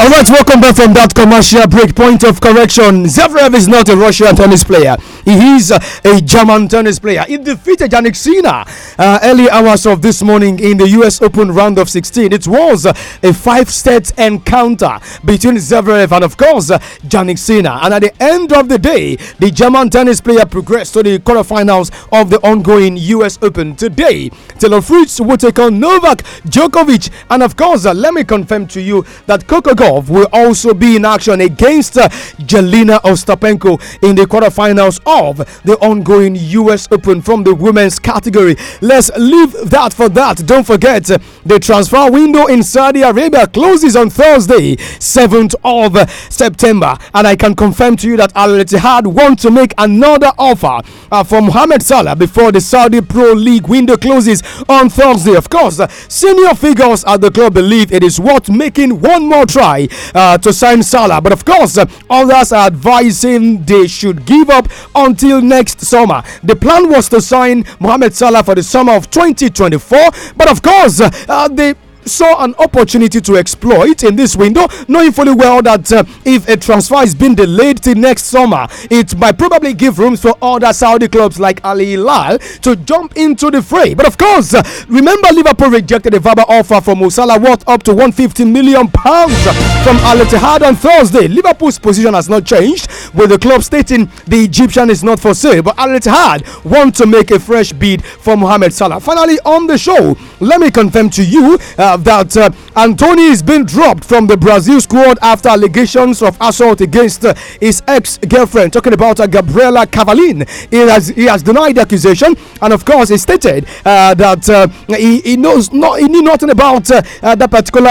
All right, welcome back from that commercial break. Point of correction: Zverev is not a Russian tennis player. He is uh, a German tennis player. He defeated Yannick Sinner uh, early hours of this morning in the U.S. Open round of 16. It was uh, a five-set encounter between Zverev and, of course, uh, Yannick Sinner. And at the end of the day, the German tennis player progressed to the quarterfinals of the ongoing U.S. Open today. Taylor Fritz will take on Novak Djokovic, and of course, uh, let me confirm to you that Coco will also be in action against uh, Jelena Ostapenko in the quarterfinals of the ongoing US Open from the women's category. Let's leave that for that. Don't forget uh, the transfer window in Saudi Arabia closes on Thursday, 7th of September. And I can confirm to you that Al Ittihad want to make another offer uh, for Mohamed Salah before the Saudi Pro League window closes on Thursday. Of course, senior figures at the club believe it is worth making one more try uh, to sign Salah. But of course, uh, others are advising they should give up until next summer. The plan was to sign Mohamed Salah for the summer of 2024, but of course, uh, the saw an opportunity to exploit in this window, knowing fully well that uh, if a transfer is being delayed till next summer, it might probably give room for other Saudi clubs like Al Hilal to jump into the fray. But of course, uh, remember Liverpool rejected a verbal offer from Musala worth up to 150 million pounds from Al Ittihad on Thursday. Liverpool's position has not changed, with the club stating the Egyptian is not for sale, but Al Ittihad want to make a fresh bid for Mohamed Salah. Finally, on the show, let me confirm to you uh, that uh, Antony is being dropped from the Brazil squad after allegations of assault against uh, his ex girlfriend. Talking about uh, Gabriela Cavallin. He has, he has denied the accusation and, of course, he stated uh, that uh, he, he, knows not, he knew nothing about uh, that particular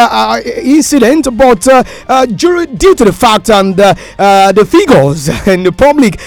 incident, but due to the fact and the figures in the public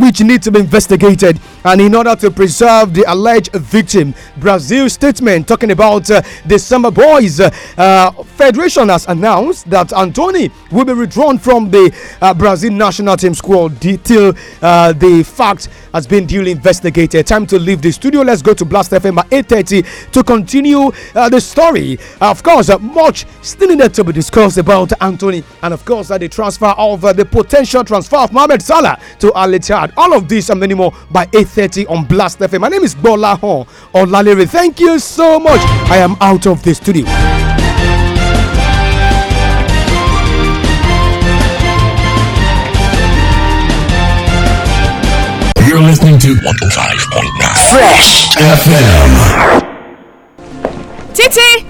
which need to be investigated and in order to preserve the alleged victim. Brazil's statement talking about uh, the Samba Boys uh, uh Federation has announced that Antony will be withdrawn from the uh, Brazil national team squad till uh, the fact has been duly investigated. Time to leave the studio. Let's go to Blast FM at 8:30 to continue uh, the story. Of course, much still needed to be discussed about Antony, and of course, the transfer of the potential transfer of Mohamed Salah to Al Ittihad. All of this and many more by 8. 7.30 on Blast FM. My name is Bola Hon Olalere. Thank you so much. I am out of the studio. You're listening to 105.9 Fresh FM. Titi!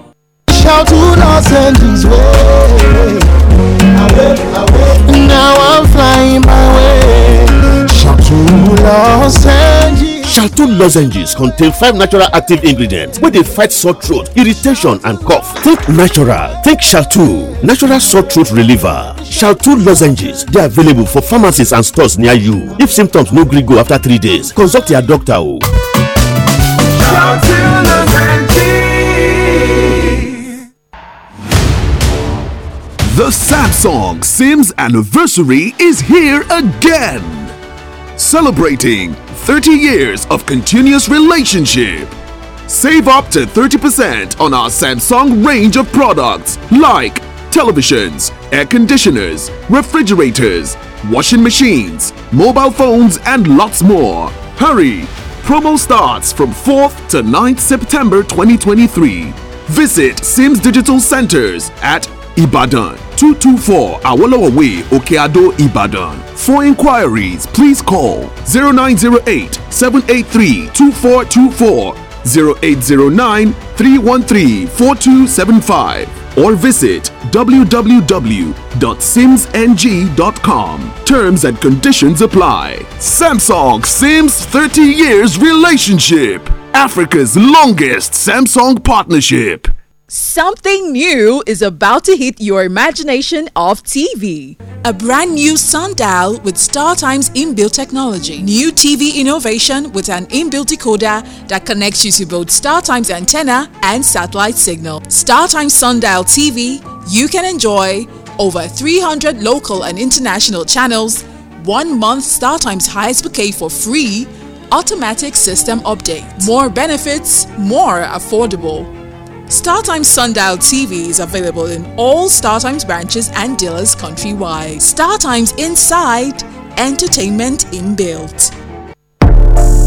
shout to Los Angeles. Now I'm flying my way. Shout to Los Angeles. Shalto lozenges contain five natural active ingredients wey dey fight sore throat, irritation and cough. Think natural, think Chateau, natural sore throat reliever. Chateau lozenges dey available for pharmacies and stores near you. If symptoms no gree go after three days, consult your doctor oh. o. The Samsung Sims anniversary is here again. Celebrating 30 years of continuous relationship. Save up to 30% on our Samsung range of products like televisions, air conditioners, refrigerators, washing machines, mobile phones, and lots more. Hurry! Promo starts from 4th to 9th September 2023. Visit Sims Digital Centers at Ibadan 224 Awolowo Way, Okeado, Ibadan. For inquiries, please call 0908 783 2424, 0809 313 4275, or visit www.simsng.com. Terms and conditions apply. Samsung Sims 30 Years Relationship, Africa's longest Samsung partnership. Something new is about to hit your imagination of TV. A brand new sundial with StarTime's inbuilt technology. New TV innovation with an inbuilt decoder that connects you to both StarTime's antenna and satellite signal. StarTime Sundial TV, you can enjoy over 300 local and international channels, one month StarTime's highest bouquet for free, automatic system update. More benefits, more affordable. StarTimes Sundial TV is available in all StarTimes branches and dealers countrywide. StarTimes Inside, entertainment inbuilt.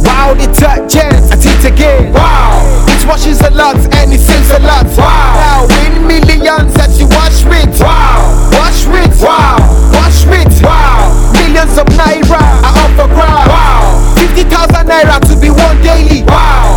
Wow, detergents, I see again. Wow, it washes a lot and it saves a lot. Wow, now win millions that you wash with. Wow, wash with. Wow, wash with. Wow, millions of naira are up for grabs. Wow, 50,000 naira to be won daily. Wow.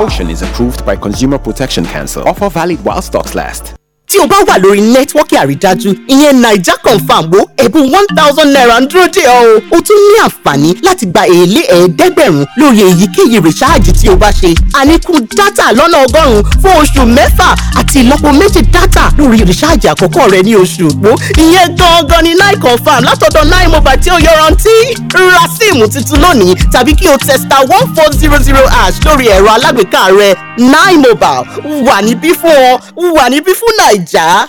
promotion is approved by Consumer Protection Council. Offer valid while stocks last. tí o bá wà lórí nẹ́tíwọ́kì àrídájú ìyẹn naija confam wo ẹ̀bùn one thousand naira ń dúró dè ọ́ o o tún ní àǹfààní láti gba èlé ẹ̀ẹ́dẹ́gbẹ̀rún lórí èyíkéyìí rìsáàjì tí o bá ṣe àníkún dátà lọ́nà ọgọ́rùn-ún fún oṣù mẹ́fà àti ìlọ́po méjì dátà lórí rìsáàjì àkọ́kọ́ rẹ ní oṣù òpó ìyẹn gangan ni nine confam látọ̀dọ̀ nine mobile tí ó yọrantí ra síìmù tuntun lónìí tàbí kí o testa one four zero zero ash lórí ẹ̀rọ alágbèéká nine mobile wà níbí fún ọ wà Ja.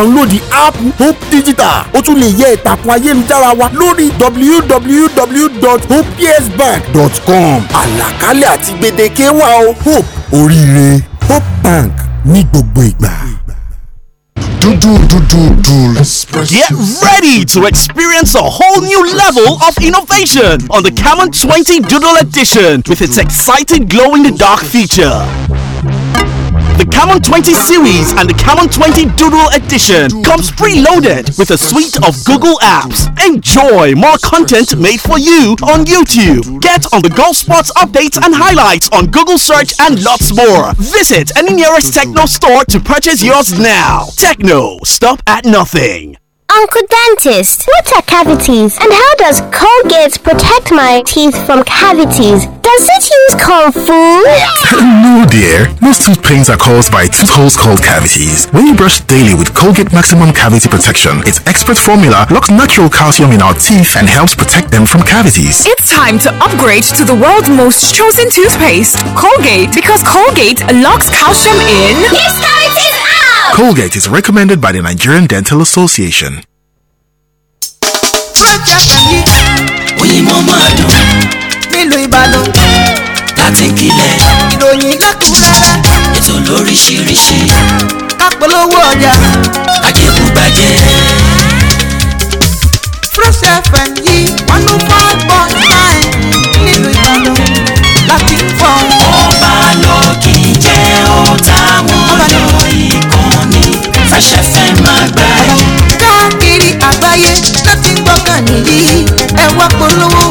download the app hope digital o tún lè yẹ ìtàkùn ayélujára wa lórí www.hopesbank.com àlàkalẹ̀ àti gbèdéke wà o hope oríire hope bank ní gbogbo ìgbà. Do, do, do, Get ready to experience a whole new level of innovation on the Camon 20 Doodle Edition with its exciting glow in the dark feature. The Camon 20 series and the Camon 20 Doodle Edition comes preloaded with a suite of Google apps. Enjoy more content made for you on YouTube. Get on the golf spots updates and highlights on Google search and lots more. Visit any nearest techno store to purchase yours now. Techno, stop at nothing. Uncle Dentist, what are cavities? And how does Colgate protect my teeth from cavities? Does it use cold food? no, dear. Most tooth pains are caused by tooth holes called cavities. When you brush daily with Colgate Maximum Cavity Protection, its expert formula locks natural calcium in our teeth and helps protect them from cavities. It's time to upgrade to the world's most chosen toothpaste, Colgate, because Colgate locks calcium in. Yes, cavities out! Colgate is recommended by the Nigerian Dental Association. Fresh FM Lord.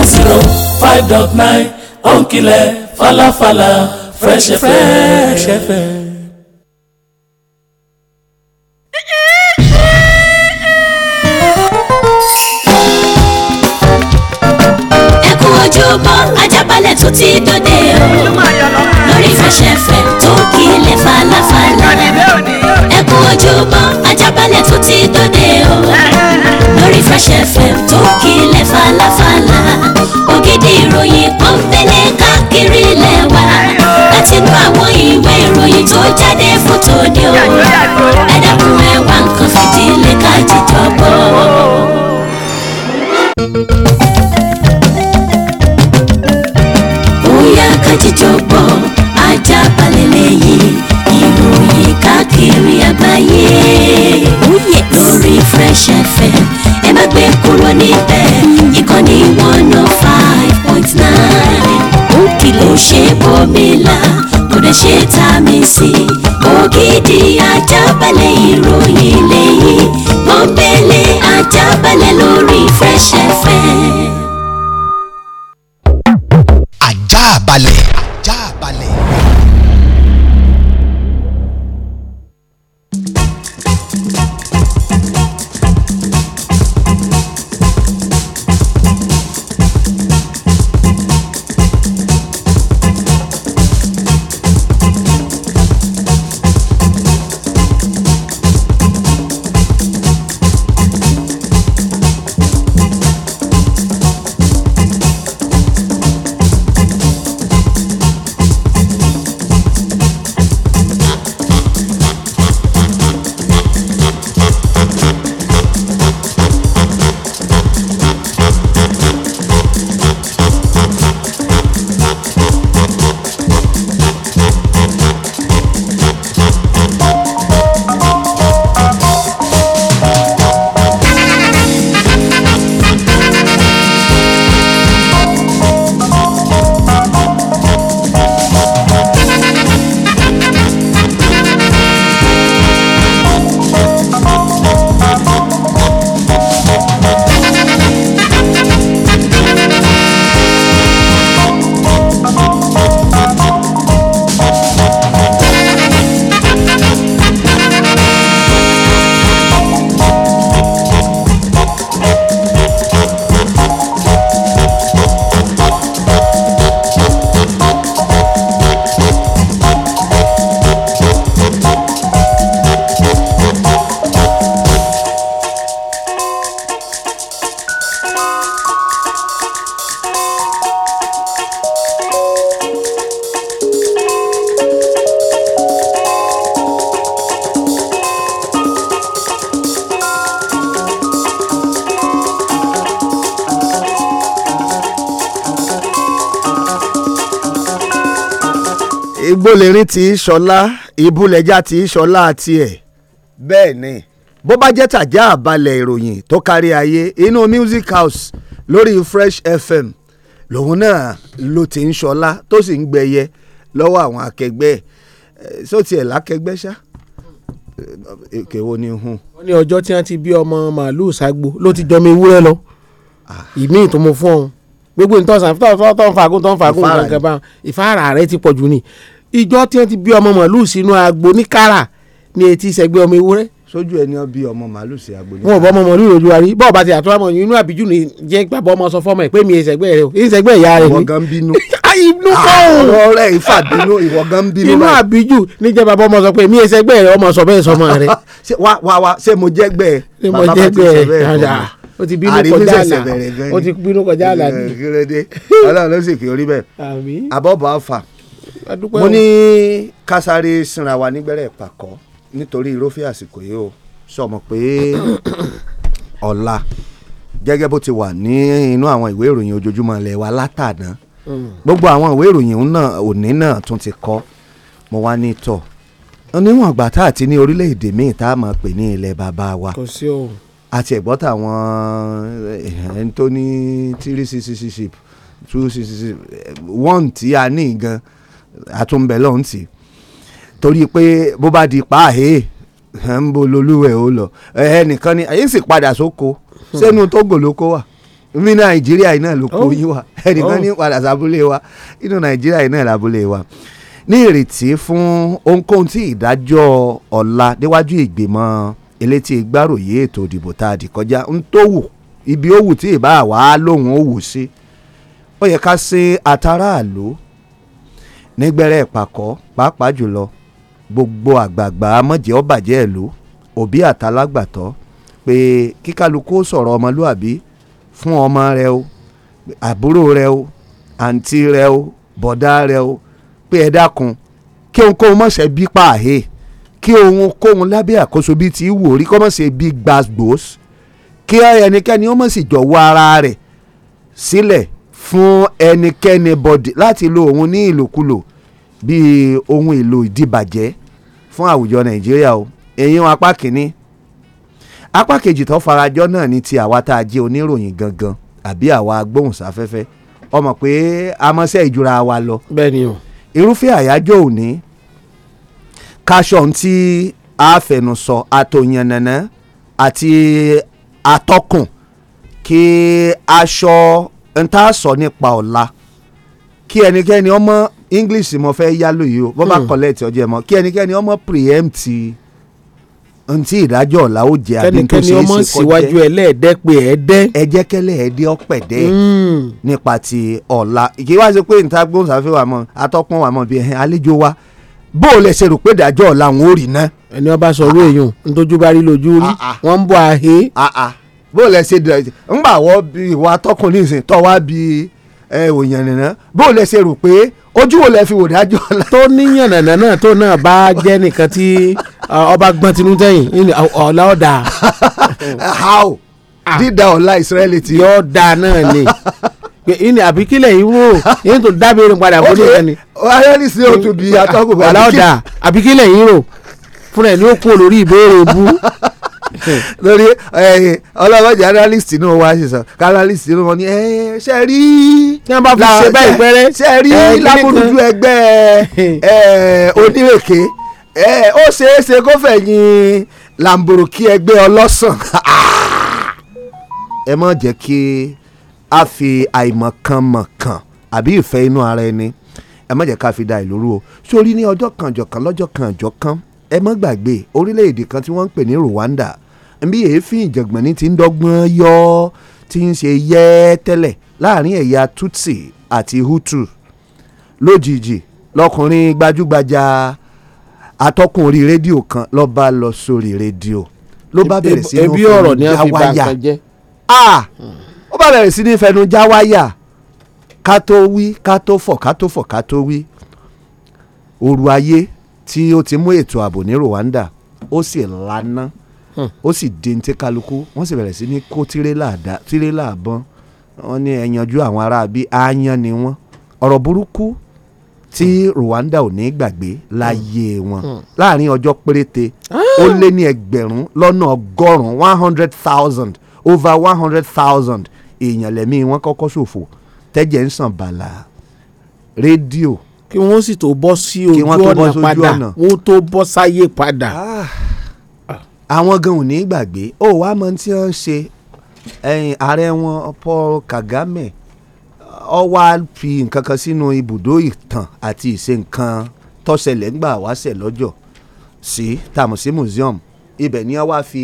one zero five dot nine òǹkìlẹ̀ falafala fresh fm. sí ògidì ajábalẹ̀ ìró. ní ti ṣọlá ibùlẹ̀já ti ṣọlá tiẹ̀ bẹ́ẹ̀ ni bó bá jẹ́ tàjá àbálẹ̀ ìròyìn tó kárí ayé inú music house lórí fresh fm lòun náà ló ti ń ṣọlá tó sì ń gbẹyẹ lọ́wọ́ àwọn akẹgbẹ́ ẹ̀ sóòtì ẹ̀ lákẹgbẹ́ ṣá èké wo ni hun. wọ́n ní ọjọ́ tí wọ́n ti bí ọmọ màálùú ságbo ló ti jọmọ ewúrẹ́ lọ ah. ìmíì tó mo fún ọ gbogbo nǹkan tó ń fagún tó ń fagún nǹkan bá ìfáàrà rẹ ti pọ̀ ni ìjọ tí wọ́n ti bí ọmọ màálù sínú agbo ní kára ní etí ìṣẹ́gbẹ́ ọmọ ewúrẹ́. sójú ẹni ọ bí ọmọ màálù sí agbo ní kára. wọn ò bọ ọmọ màálù lójú wa rí bọ́ọ̀ bá ti àtúrà mọ̀ inú àbíjú ni jẹ́ gbàgbọ́ ọmọ sọ fọ́mọ ẹ̀ pé mi ìṣẹ́gbẹ́ rẹ o ìṣẹ́gbẹ́ ìyá rẹ ni. ìwọ gan bínú. inú kọ́ ò. Ah, ọ̀rẹ́ ìfà bínú ìwọ gan bínú. inú àbíjú níjẹ́ bàbá ọmọ sọ pé mi ìṣẹ́gbẹ́ rẹ ọmọ sọ bẹ́ẹ̀ sọmọ rẹ. wá wá wá ṣé mo jẹ́gbẹ́ ẹ bàbá bá ti sọ bẹ́ẹ̀ o ti bínú kọjá àlà o ti bínú kọjá àlà ni. ọlọ́run ló sì kí orí bẹ́ẹ̀ abọ́ bá mo ní kásáré sinra wa nígbẹ̀rẹ̀ pàkọ́ nítorí irúfẹ́ àsìkò yìí o sọ mọ̀ pé ọ̀la gẹ́gẹ́ bó ti wà ní inú àwọn ìwé ìròyìn ojoojúmọ́ ilẹ̀ wa látàná hmm. gbogbo àwọn ìwé ìròyìn náà òní náà tún ti kọ́ mo wá ní tọ̀ níwọ̀n àgbà tá àti ní orílẹ̀-èdè míì tá a mọ̀ pé ní ilẹ̀ bàbá wa àti ẹ̀gbọ́n táwọn eh, ẹni tó ní tírí sísísísì tú sísísì wọ́n tí a ní gan-an àtúnbẹ̀ lọ́hùn tì torí pé bó bá di pààhẹ́ ẹ̀ ń bo lolúwẹ̀ ó lọ ẹnìkan ni èyí sì padà sóko sẹ́nu tógò ló kó wà ní nàìjíríà iná ló kó yín wà oh. ẹnìkan ní oh. padà sábúlé wa inú nàìjíríà iná làbúlé wa ní ìrètí fún ohunkóhun tí ìdájọ́ ọ̀la níwájú ìgbìmọ̀ elétí ìgbàròyé ètò ìdìbò tá a dì kọjá ń tó wù ibi ó wù tí ìbá wa lóhùn ó wù sí ó yẹ ká sin àtàrà nígbẹ́rẹ́ ìpàkọ́ pàápàá jùlọ gbogbo àgbààgbà mọ̀jẹ́ ọ̀bàjẹ́ ìlú òbí àtàlágbàtọ́ pé kíkálukú sọ̀rọ̀ ọmọlúàbí fún ọmọ rẹ o àbúrò rẹ o àǹtí rẹ o bọ̀dá rẹ o pé ẹ dákun kí ohunkóhun mọ̀ ṣe bí pààyè kí ohunkóhun lábẹ́ àkóso bíi ti wò rí kọ́ mọ̀ ṣe bí gbàgbós kí ẹnikẹ́ni ó mọ̀ jọ̀wọ́ ara rẹ̀ sílẹ̀ si fún ẹnikẹ́ni bọ̀dì láti lo òun ní ìlòkulò bíi ohun èlò ìdìbàjẹ́ fún àwùjọ nàìjíríà o èyí wọn apá kìíní apá kejì tó farajọ náà ní ti àwa tá a jẹ́ oníròyìn gangan àbí àwa agbóhùnsáfẹ́fẹ́ ọmọ pé amọ̀sẹ́ ìjura wa lọ bẹ́ẹ̀ni o irúfẹ́ àyájọ́ òní káṣọ̀n tí àfẹnusọ àtòyànnànà àti atọ́kùn kí aṣọ n tá a sọ nípa ọ̀la kí ẹnikẹ́ni ọmọ english mo fẹ́ yálò yìí o bọ́ bá hmm. collect ọjọ́ ẹ mọ́ kí ẹnikẹ́ni ọmọ preempt ntí ìdájọ́ ọ̀la ó jẹ́ àbí tó ṣe é ṣe kọjẹ́ kẹ́nikẹ́ni ọmọ síwájú ẹlẹ́ẹ̀dẹ́ pé ẹ̀ẹ́dẹ́. ẹ jẹ́ kẹ́lẹ́ ẹ̀ẹ́dẹ́ ọ̀pẹ̀dẹ́ hmm. nípa ti ọ̀la kì í wá sí pé níta gbóhùnsáfẹ́ wa mọ́ atọ́kùn wa mọ́ bí ẹ̀hìn àlejò wa bó o lè ṣe rò pé ìdájọ́ ọ̀la òun ò rí ná. ẹni ọba sọ ah, orí ah. ntójú bá rí lójú rí ah, wọn ń bọ àhẹ bó lẹ ṣe dẹ ńgbà wọ ìwà tọkùn nísìn tọ wá bí òyìnbó bó lẹ ṣe rò pé ojú wo lẹ fi wò dájú tó níyàn nànà náà tó náà bá jẹ́ nìkan tí ọba gbọ́n tinú ọ̀la ọ̀dà. how ah. dídá ọ̀la ti. yóò náà ni ìní yìí wò yìí tó padà ayọ́lì sí òtún bíi ọ̀la ọ̀dà yìí rò fúnra ẹ̀ ní ó kú ìbéèrè bú. lórí eh, ọlọ́wọ́ jẹ́ analyst inú wa ṣe sọ analyst inú wọn ni eh, ṣe rí eh, ṣe rí lábúrúdú ẹgbẹ́ onírèké ó ṣeéṣe kó fẹ̀yìn làǹbòròkì ẹgbẹ́ ọlọ́sàn ẹ má jẹ́ kí a fi àìmọ̀kànmọ̀kàn àbí ìfẹ́ inú ara ẹni ẹ má jẹ́ ká fi da ìlú rú o sórí ní ọjọ́ kan jọ̀kan lọ́jọ́ kan jọ̀kan ẹ mọ́ gbàgbé orílẹ̀-èdè kan tí wọ́n ń pè ní Rwanda bí èéfín ìjàngbọ̀n ní ti ń dọ́gbọ́n yọ ti ń ṣe yẹ́ tẹ́lẹ̀ láàrin ẹ̀yà Tutsi àti Hutu lójijì lọkùnrin gbajúgbajà atọ́kùn orí rédíò kan ló bá lọ sórí rédíò ló bá bẹ̀rẹ̀ sí ní fẹnu jáwáyà ó bá bẹ̀rẹ̀ sí ní fẹnu jáwáyà ká tó wí ká tó fọ̀ ká tó fọ̀ ká tó wí òru ayé tí ó ti mú ètò ààbò ní Rwanda ó sì lana, ó sì di ní kálukú wọ́n sì bẹ̀rẹ̀ sí ní kó tirẹ́là bọ́n wọ́n ní ẹ̀yanjú àwọn ará bíi ni wọ́n ọ̀rọ̀ burúkú tí Rwanda ò ní gbàgbé láyé wọn láàrin ọjọ́ péréte ó lé ní ẹgbẹ̀rún lọ́nà ọgọ́rùn-ún one hundred thousand over one hundred thousand èèyàn lẹ́mí wọn kọ́kọ́ ṣòfò tẹ́jẹ̀ ń sàn bàlà rédíò kí wọ́n sì tó bọ́ sí ojú ọ̀nà padà wọ́n tó bọ́ sáyé padà. Ah. àwọn gan ò ní gbàgbé ó wàá mọ tí wọ́n ń ṣe ààrẹ wọn Paul Kagame ọ wá fi nǹkan kan sínú ibùdó ìtàn àti ìṣe nǹkan tọ́sẹ̀lẹ̀ ńgbà wáṣẹ̀ lọ́jọ́ sí tàmù sí museum ibẹ̀ ni wọ́n wá fi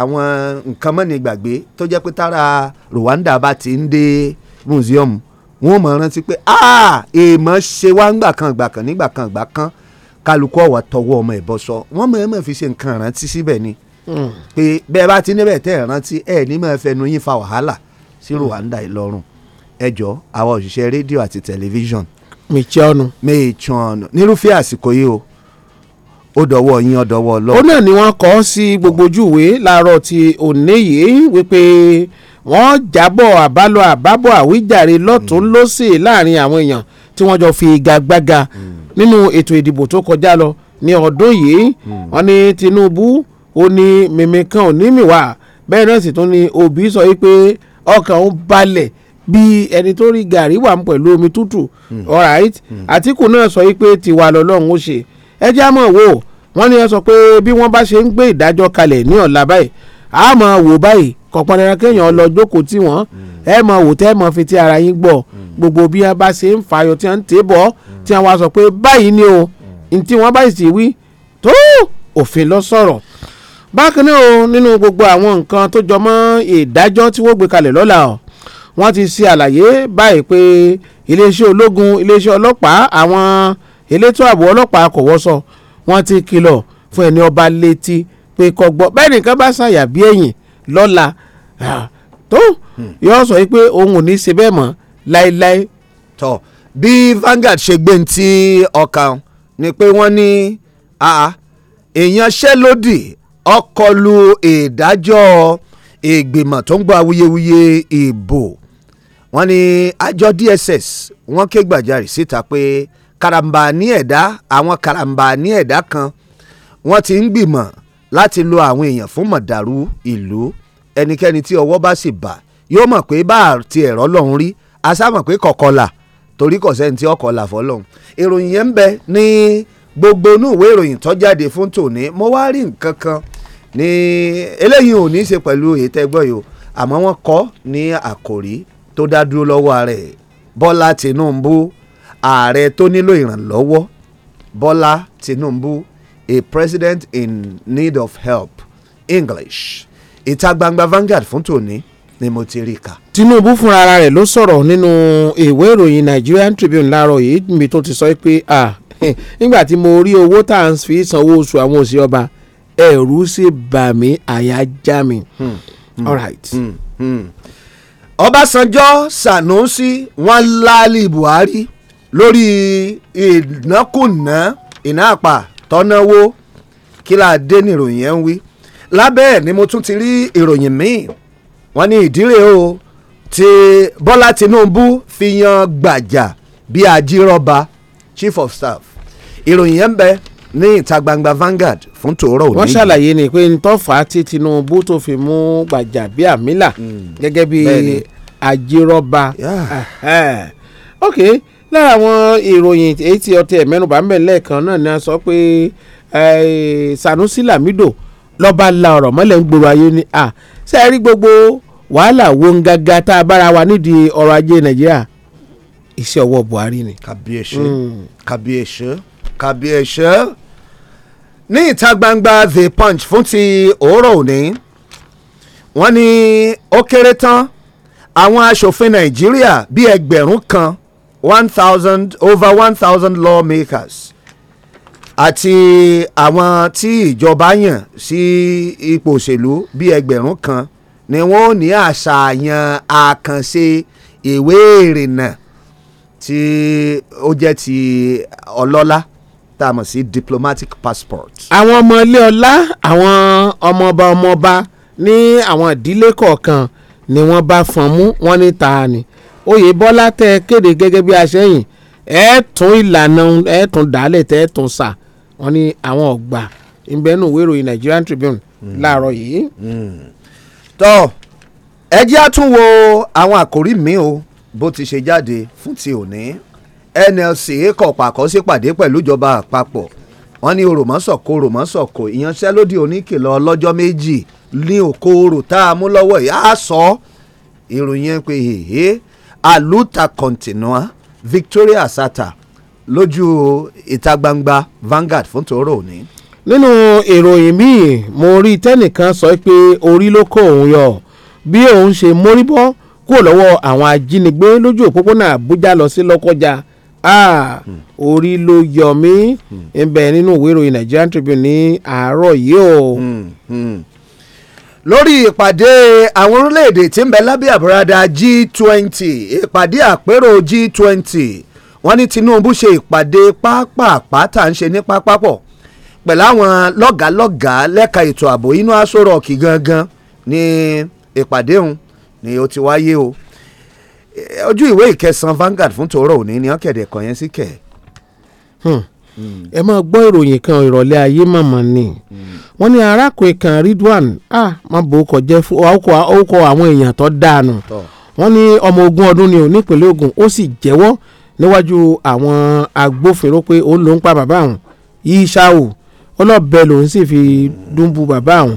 àwọn nǹkan mọ́ni gbàgbé tó jẹ́ pé tára Rwanda bá ti ń dé museum wọ́n mọ̀ rántí pé ah, èèmọ̀ ṣe wá ńgbà kan gbà kan nígbà kan gbà kan kálukú ọ̀wà tọwọ́ ọmọ ìbọn sọ wọ́n mọ̀ ẹ́ mọ̀ fi ṣe nǹkan rántí síbẹ̀ ni hmm. pé bẹ́ẹ̀ bá ti níbẹ̀ tẹ́ ẹ̀ rántí ẹ̀ ní mọ̀ fẹnu yín fa wàhálà sí Rwanda Ìlọrin ẹ àwọn òṣìṣẹ́ rédíò àti tẹlifíṣàn. mìtsọ́nù. mìtsọ́nù nírúfẹ́ àsìkò yìí o ó dọwọ́ yín ó dọwọ́ lọ. ó náà ni wọ́n kọ́ sí gbogbo ojúwe láàárọ̀ ti òní yìí wípé wọ́n jábọ̀ àbálọ àbábọ̀ àwíjàre lọ́tún mm. lọ́sì láàrin àwọn èèyàn tí wọ́n jọ fi gagbága mm. nínú ètò ìdìbò tó kọjá lọ ní ọdún yìí mm. wọ́n ní Tinubu ó ní mímí ò ní mìwà bẹ́ẹ̀ náà sì tún ni Obi sọ wípé ọkàn ń balẹ̀ bí ẹni tó rí gàrí wà pẹ̀lú omi tútù alright Àtìkù náà sọ wípé tiwa lọ́lọ́run ó ṣe ẹ jẹ́ àmọ́ wò wọ́n ní ẹ sọ pé bí wọ́n bá ṣe ń gbé ìdájọ́ kalẹ̀ ní ọ̀la báyìí àmọ́ wò báyìí kò pọn dandan kéèyàn lọ jókòó tí wọ́n mm. ẹ mọ̀ wò tẹ́ mọ̀ fi ti ara yín gbọ́ mm. gbogbo bí wọ́n bá ṣe ń fàyọ tí wọ́n ń tè bọ́ mm. tí wọ́n wá sọ pé báyìí ni o ntí wọ́n bá sì wí tó òfin lọ sọ̀rọ̀ bákan náà o nínú gbogbo àwọn nǹkan tó jọmọ́ ìdájọ́ tí wọ́n gbé kalẹ̀ lọ́la o wọ́n ti ṣe àlàyé báyìí pé iléeṣẹ́ ológun iléeṣẹ́ ọlọ́pàá àwọn elétò ààbò ọlọ́pàá kò wọ́sọ wọ́n ti kìlọ̀ fún ẹni ọba létí pé kọ́gbọ́ bẹ́ẹ̀ nìkan bá ṣàyà bí ẹ̀yìn lọ́la tó hmm. yóò sọ pé òun ò ní ṣe bẹ́ẹ̀ mọ́ láéláé. tọ bí Vanguard ṣe gbé ti ọkàn ni pé wọ́n ní ìyanṣẹ́lódì ọkọlù ìdájọ́ ìgbìmọ̀ tó ń gba awuyewuye ìbò wọ́n ní àjọ DSS wọ́n ké gbàjarì síta pé karambà ní ẹ̀dá àwọn karambà ní ẹ̀dá kan wọ́n ti ń gbìmọ̀ láti lo àwọn èèyàn fún mọ̀dàrú ìlú. E ẹnikẹ́ni tí ọwọ́ bá sì bà yóò mọ̀ pé bá àti ẹ̀rọ lọ́hún rí asámọ̀ pé kọ̀kọ́là torí kò sẹ́ni tí ọkọ̀là fọlọ́hún ìròyìn yẹn ń bẹ ní gbogbo inú ìwé ìròyìn tó jáde fún tòní mo wá rí nǹkan kan ní eléyìí ò ní í ṣe pẹ̀lú ètẹ́gbọ́ yìí o àmọ́ wọ́n kọ́ ní àkòrí tó dá dúró lọ́wọ́ rẹ̀ Bọ́lá Tinubu ààrẹ tó nílò ìrànlọ́wọ́ Bọ́lá Tinubu a president in need of help English ìta gbangba Vanguard fún tòní ni mo ti rí ka. Tinubu fúnra ara rẹ̀ ló sọ̀rọ̀ nínú ìwé ìròyìn Nigerian Tribune láàárọ̀ yìí mi tó ti sọ pé nígbà tí mo rí owó tá à ń fi sanwó oṣù àwọn òsì ọba ẹ̀rù sì bà mí àyà já mi. Hmm, hmm, all right. Hmm, Ọbásanjọ́ Sanusi wọ́n láálí Buhari lórí ìnákùná ìnáàpà tọ́náwó kí láà dé níròyìn ẹ̀ ń wí lábẹ́ ẹ̀ ni mo tún ti rí ìròyìn míì wọ́n ní ìdírè o ti Bọ́lá Tinubu fi yan gbàjà bí ajírọ́ba chief of staff ìròyìn yẹn ń bẹ ní ìta gbangba Vanguard fún tòórọ́ òní. wọ́n ṣàlàyé ni pé ntọ́fà tí Tinubu tó fi mú gbàjà bí àmìlà hmm. gẹ́gẹ́ bí ajírọ́ba ok lára àwọn ìròyìn èyí tí ọtí ẹ̀ mẹ́nubà ń bẹ̀ lẹ́ẹ̀kan náà ni a sọ pé Sanusi Lamido lọ́ba la ọ̀rọ̀ mọ́lẹ̀ ń gbòòrò ayé ni à ṣe rí gbogbo wàhálà wo ń gaga tá a bára wa nídìí ọrọ̀ ajé nàìjíríà iṣẹ́ ọwọ́ buhari ni. kàbíyèsí hmm. kàbíyèsí kàbíyèsí ní ìta gbangba the punch fún ti òórọ̀ òní wọ́n ní ó kéré tán àwọn aṣòfin nàìjíríà bíi ẹgbẹ̀rún kan one thousand over one thousand lawmakers àti àwọn tí ìjọba yàn sí ipò òṣèlú bíi ẹgbẹ̀rún kan ni wọ́n ò ní àṣàyàn àkànṣe ìwé ìrìnnà tí ó jẹ́ ti ọlọ́lá tá a mọ̀ sí diplomatic passport. àwọn ọmọ ilé ọlá àwọn ọmọọba ọmọọba ní àwọn ìdílé kọ̀ọ̀kan ni wọ́n bá fọn mú wọ́n ní ta ni Oyèbọ́lá tẹ kéde gẹ́gẹ́ bí aṣẹ́yìn ẹ ìlànà ẹ dálẹ̀ tẹ ẹ wọ́n ní àwọn ọ̀gbà ìbẹ́nu ìwé ìròyìn Nigerian Tribune hmm. láàárọ̀ yìí. Hmm. tọ́ ẹ jẹ́ á tún wo àwọn àkòrí míì o bó ti ṣe jáde fún ti òní NLC kọ̀ pàkọ́ sí pàdé pẹ̀lú ìjọba àpapọ̀ wọ́n ní òròmọ́sọ̀kò òròmọ́sọ̀kò ìyanṣẹ́lódì oníkìlọ̀ ọlọ́jọ́ méjì ní òkòòrò tá a mú lọ́wọ́ yìí á sọ ìròyìn pé hèhè àlùtà kọ̀ǹtìnúà Victoria Sata lójú ìta gbangba Vanguard fún tòórọ òní. nínú ìròyìn míì mo rí tẹ́nìkan sọ pé orí ló kó òun yọ bí òun ṣe mórí bọ́ kúrò lọ́wọ́ àwọn ajínigbé lójú òpópónà Àbújá lọ sí Lọ́kọ́jà ah, hmm. orí ló yọ mí hmm. ńbẹ nínú ìwé ìròyìn Nigerian Tribune ní àárọ̀ yìí o. Hmm, lórí ìpàdé àwọn orílẹ̀-èdè tí ń bẹ lábẹ́ àbúradà g twenty ìpàdé àpérò g twenty wọ́n ní Tinubu ṣe ìpàdé pápápá tá à ń ṣe ní pápápọ̀ pẹ̀lú àwọn lọ́gàálọ́gàá lẹ́ka ètò ààbò inú Aṣọ Rọ́ọ̀kì gangan ní ìpàdé òun ni ó ti wáyé o ojú ìwé ìkẹsàn vangard fún tòró òní ni wọ́n kéde kàn yẹn sí kẹ̀. Hmm. Hmm. ẹ máa gbọ́ ìròyìn kan ìrọ̀lẹ́ ayé màmá ni hmm. wọ́n ní arákùnrin kan Ridwan ah má bò ó kọ jẹ́ fún ọkọ̀ àwọn èèyàn tó dáa nù wọ́n ní ọmọ ogun ọdún ni ò nípínlẹ̀ Ògùn ó sì jẹ́wọ́ níwájú àwọn agbófinró pé òun ló ń pa bàbá àwọn yìí ṣá o ọlọ́bẹ lòun sì fi dúnbù bàbá àwọn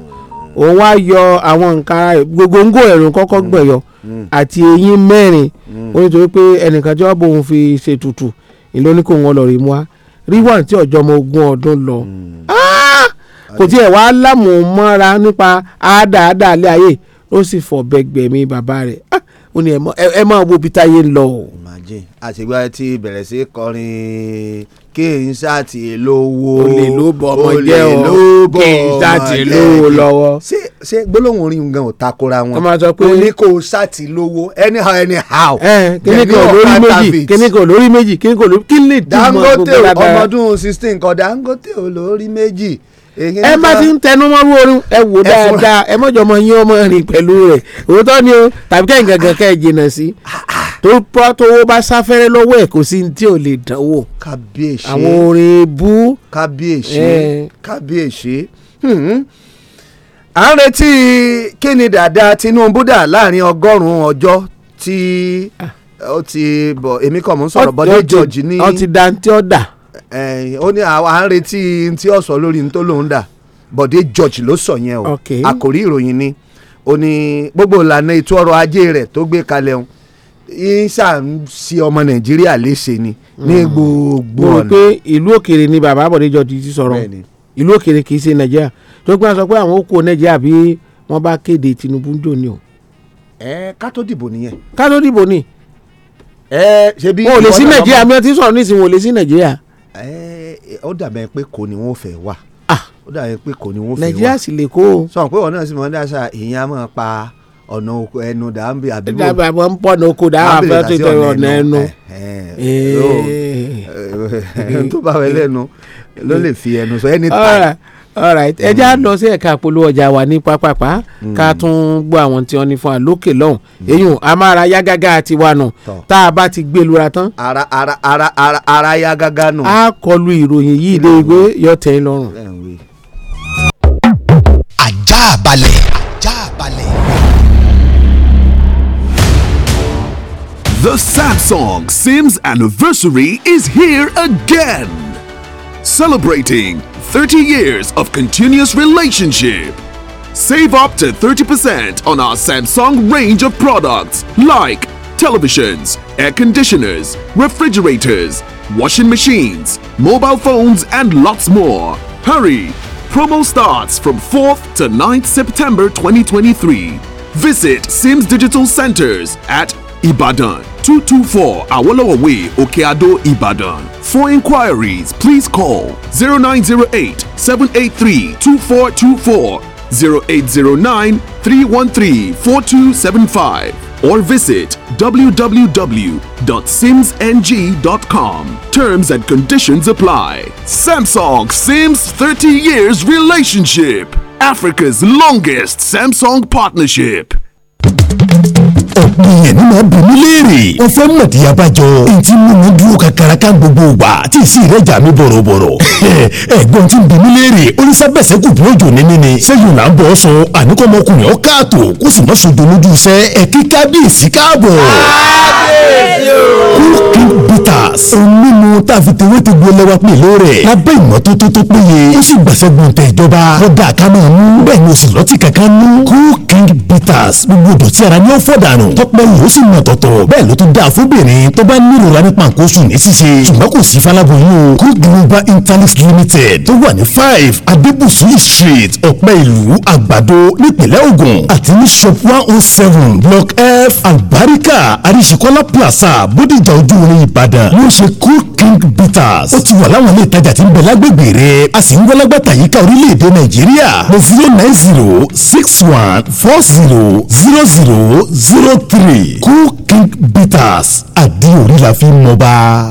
òun wá yọ àwọn nǹkan gbogbo ẹ̀rùn kọ́kọ́ mm, gbẹ̀yọ mm. àti eyín mẹ́rin mm. ó nítorí pé ẹnìkan tí wọ́n bóun fi ṣètùtù ìlóní kò wọ́n lọ rí mu wá rí wọ́n tí ọ̀jọ́ ọmọ ogún ọdún lọ ah! kò tiẹ̀ wá lámùmọ́ra nípa àádáadáa lé ayé ló sì fọ̀ bẹ́gbẹ̀mí bàbá rẹ̀ ah ó ní ẹ máa wo bí táyé ń lọ o. àṣegbà ti bẹ̀rẹ̀ sí kọrin kí n ṣáàtì lówó olè ló bọ ọmọ jẹ́ o kí n ṣáàtì lówó lọ́wọ́. ṣé ṣé gbólóhùn orin gan ò takora wọn. ọmọ sọ pé o ní kó o ṣáàtì lówó anyhow anyhow. kíní kan lórí méjì kíní kan lórí méjì kíní kan lórí kí lè dì mọ́ gbogbo lábẹ́rẹ́. Dangote ọmọdún sixteen kan Dangote olórí méjì ẹ má ti ń tẹnu mọ́rú orin ẹ wò dáadáa ẹ mọ̀jọ̀ mọ̀ yín ọmọ rìn pẹ̀lú rẹ̀ òótọ́ ni o tàbí kẹ́hìn gangan kẹ́ ẹ jìnnà sí tó pọ́ tó wó bá sáfẹ́rẹ́ lọ́wọ́ ẹ̀ kò sí tí ò lè dánwò kábíyèsí àwọn orin bú kábíyèsí kábíyèsí hmm. à ń retí kí ni dàda Tinubu dà láàrin ọgọ́rùn-ún ọjọ́ tí ah. ó ti bọ̀ èmi kàn mú sọ̀rọ̀ bọ́dé jọ̀jì ní. ó dantí ọ̀dà Eh, ó ní à ń retí tí ó sọ lórí tó lòún dà Bọ̀dé George ló sọ yẹn o àkòrí ìròyìn ni ó ní gbogbo ìlànà ètò ọrọ̀ ajé rẹ̀ tó gbé kalẹ̀ ọ̀hún ìsà ń ṣe ọmọ Nàìjíríà léṣe ni ní hmm. gbogbo ọ̀nà. mo rò pé ìlú òkèèrè ni bàbá Bọ̀dé George ti sọ̀rọ̀ ìlú òkèèrè kì í ṣe Nàìjíríà tó gbà sọ pé àwọn ó kó Nàìjíríà bí wọ́n bá kéde Tinubu ń jò ní o. ẹ ká tó dìbò nìyẹn. ká tó dìbò ni. ẹ ṣe bí. wọn ò lè sí Nàìjíríà mi ti sọ̀rọ̀ nísìnyí wọn ò lè sí Nàìjíríà. Eh, ó dàbẹ̀ pé kò ní wọ́n fẹ́ wà ó dàbẹ̀ pé kò ní wọ́n fẹ́ wà nàìjíríà sì lè kó o. sọ pé wọn náà sì mọ dáṣà ìyẹn á máa pa ọ̀nà ẹnu dàbí àdúgbò. dábàá àbọ̀ ń pọ̀ ní oko dáhà fẹ́ tó tẹ ọ̀nà ẹnu. Eh, eh, tó bá wẹ lẹ́nu ló lè fi ẹnu sọ anytime alright ẹ já lọ sí ẹ̀ka polówó ọjà wa ní pápápá hmm. ká tún gbọ́ àwọn tí wọ́n ní fún wa lókè lọ́hùn eyín hmm. a máa ra àti wa tá a bá ti gbé lura tán. ara ara ara ara ara yágágá nù. a kọlu ìròyìn yìí dé gbé yọ tẹ́ ẹ lọ́rùn. ajá balẹ̀ ajá balẹ̀. The Samsung Sims anniversary is here again. Celebrating 30 years of continuous relationship. Save up to 30% on our Samsung range of products like televisions, air conditioners, refrigerators, washing machines, mobile phones, and lots more. Hurry! Promo starts from 4th to 9th September 2023. Visit Sims Digital Centers at Ibadan, 224 Awolowo Way, Okeado, Ibadan. For inquiries, please call 0908 783 2424, 0809 313 4275, or visit www.simsng.com. Terms and conditions apply. Samsung Sims 30 Years Relationship, Africa's longest Samsung partnership. ọ̀pọ̀ èèyàn ní máa bí mi léèrè wọ́n fẹ́ mọ̀ tí abájọ ètí mú mi dúró kakaraka gbogbo ìgbà tí ìsì rẹ̀ jà mí bọ̀rọ̀bọ̀rọ̀ ẹ̀gbọ́n tí ń bí léèrè oníṣàbẹ̀sẹ̀ kù dúró jò ní nínú sẹ́yìn là ń bọ̀ sọ àníkọ́mọkùnrin ọ̀ káàtó kó sì má ṣojo lójú iṣẹ́ ẹ̀ kí kábíyèsí káàbọ̀. kábíyèsí o bitters. onímọ̀ tá a fi tewé ti gbọ́ lẹ́wà pè lóore. lábẹ́ ìmọ́tótó tó péye. ó sì gbàsẹ́ gbọ̀ntẹ̀ ìjọba. kọ́dà dànù tọpẹ yìí ó sì nà tọ̀tọ̀ bẹ́ẹ̀ ló tún dáa fóbìnrin tó bá nírora nípa nǹkan oṣù ní ṣíṣe ṣùgbọ́n kò sí falaboyún o good global interlink limited tó wà ní five adébùsùn street ọ̀pẹ ìlú àgbàdo nípínlẹ̀ Ògùn àti ní shop one oh seven block f albarika arisikola plaza bódìjà ojú orin Ìbàdàn ló ṣe cool king bitters ó ti wà láwọn ilé ìtajà tí ń bẹ lágbègbè rẹ a sì ń wọlágbàtà yíká orílẹ̀-èdè Nàìjíríà mo fi lé nine zero six one four zero zero zero zero zero three cool king bitters àdìorí la fi mọba.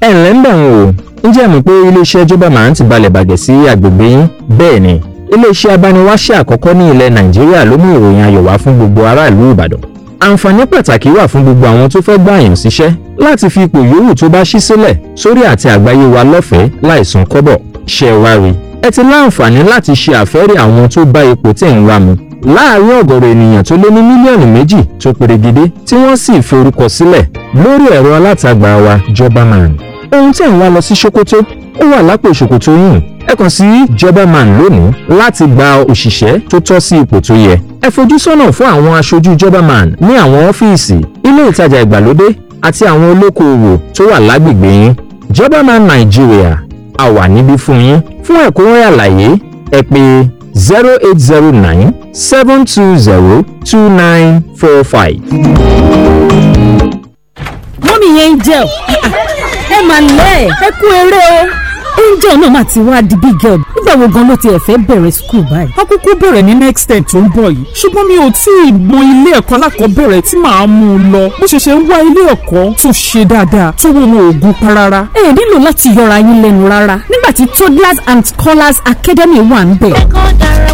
ẹ ǹlẹ́ ń bẹ̀ wọ́n o ǹjẹ́ mọ̀ pé iléeṣẹ́ jọba máa ń ti balẹ̀ bàgẹ́ sí àgbègbè yín bẹ́ẹ̀ ni iléeṣẹ́ abániwáṣẹ́ àkọ́kọ́ ní ilẹ̀ nàìjíríà ló mú ìròyìn ayọ̀ wá fún gbogbo aráàlú ìbàdàn àǹfààní pàtàkì wà fún gbogbo àwọn tó fẹ́ gbà yàn síṣẹ́ láti fi ipò yòówù tó bá ṣí sílẹ̀ sórí àti àgbáyé wa lọ́fẹ̀ẹ́ láìsan kọ́bọ̀ ṣe wá rí ẹ ti láǹfààní láti ṣe àfẹ́rí àwọn tó bá ipò tí ń wá mu láàárín ọ̀gọ̀rọ̀ ènìyàn tó lé ní mílíọ̀nù méjì tó perégedé tí wọ́n sì forúkọ sílẹ̀ lórí ẹ̀rọ alátagbà wa jobberman ohun tí ń wá lọ sí ṣòkòtò ó wà lápò ṣòkòtò yìí ẹ kàn sí jobberman lónìí láti gba òṣìṣẹ́ tó tọ́ sí ipò tó yẹ ẹ fojú sọ́nà fún àwọn aṣojú jobberman ní àwọn ọ́fíìsì ilé ìtajà ìgbàlódé àti àwọn olókoòwò tó wà lágbègbè yín jobberman Nigeria a wà níbí fún yín fún ẹ̀kúnrẹ́ àlàyé ẹ pè zero eight zero nine seven two zero two nine four five. mọ́mí yẹn ń jẹun ẹ màlẹ́ ẹ kú eré o angel náà mà ti wá di big girl nígbà wo gan ló ti ẹ̀ fẹ́ bẹ̀rẹ̀ school báyìí. akókó bẹ̀rẹ̀ ní next term tó ń bọ̀ yìí ṣùgbọ́n mi ò tí ì mọ ilé ẹ̀kọ́ alákọ̀ọ́bẹ̀rẹ̀ tí màá mú un lọ bó ṣe ṣe ń wá ilé ẹ̀kọ́ tó ṣe dáadáa tó wọ́n wọn ò gun pa rárá. ẹ nílò láti yọra yín lẹ́nu rárá nígbà tí toddlers and scholars academy wà ń bẹ̀. ẹ̀kọ́ dára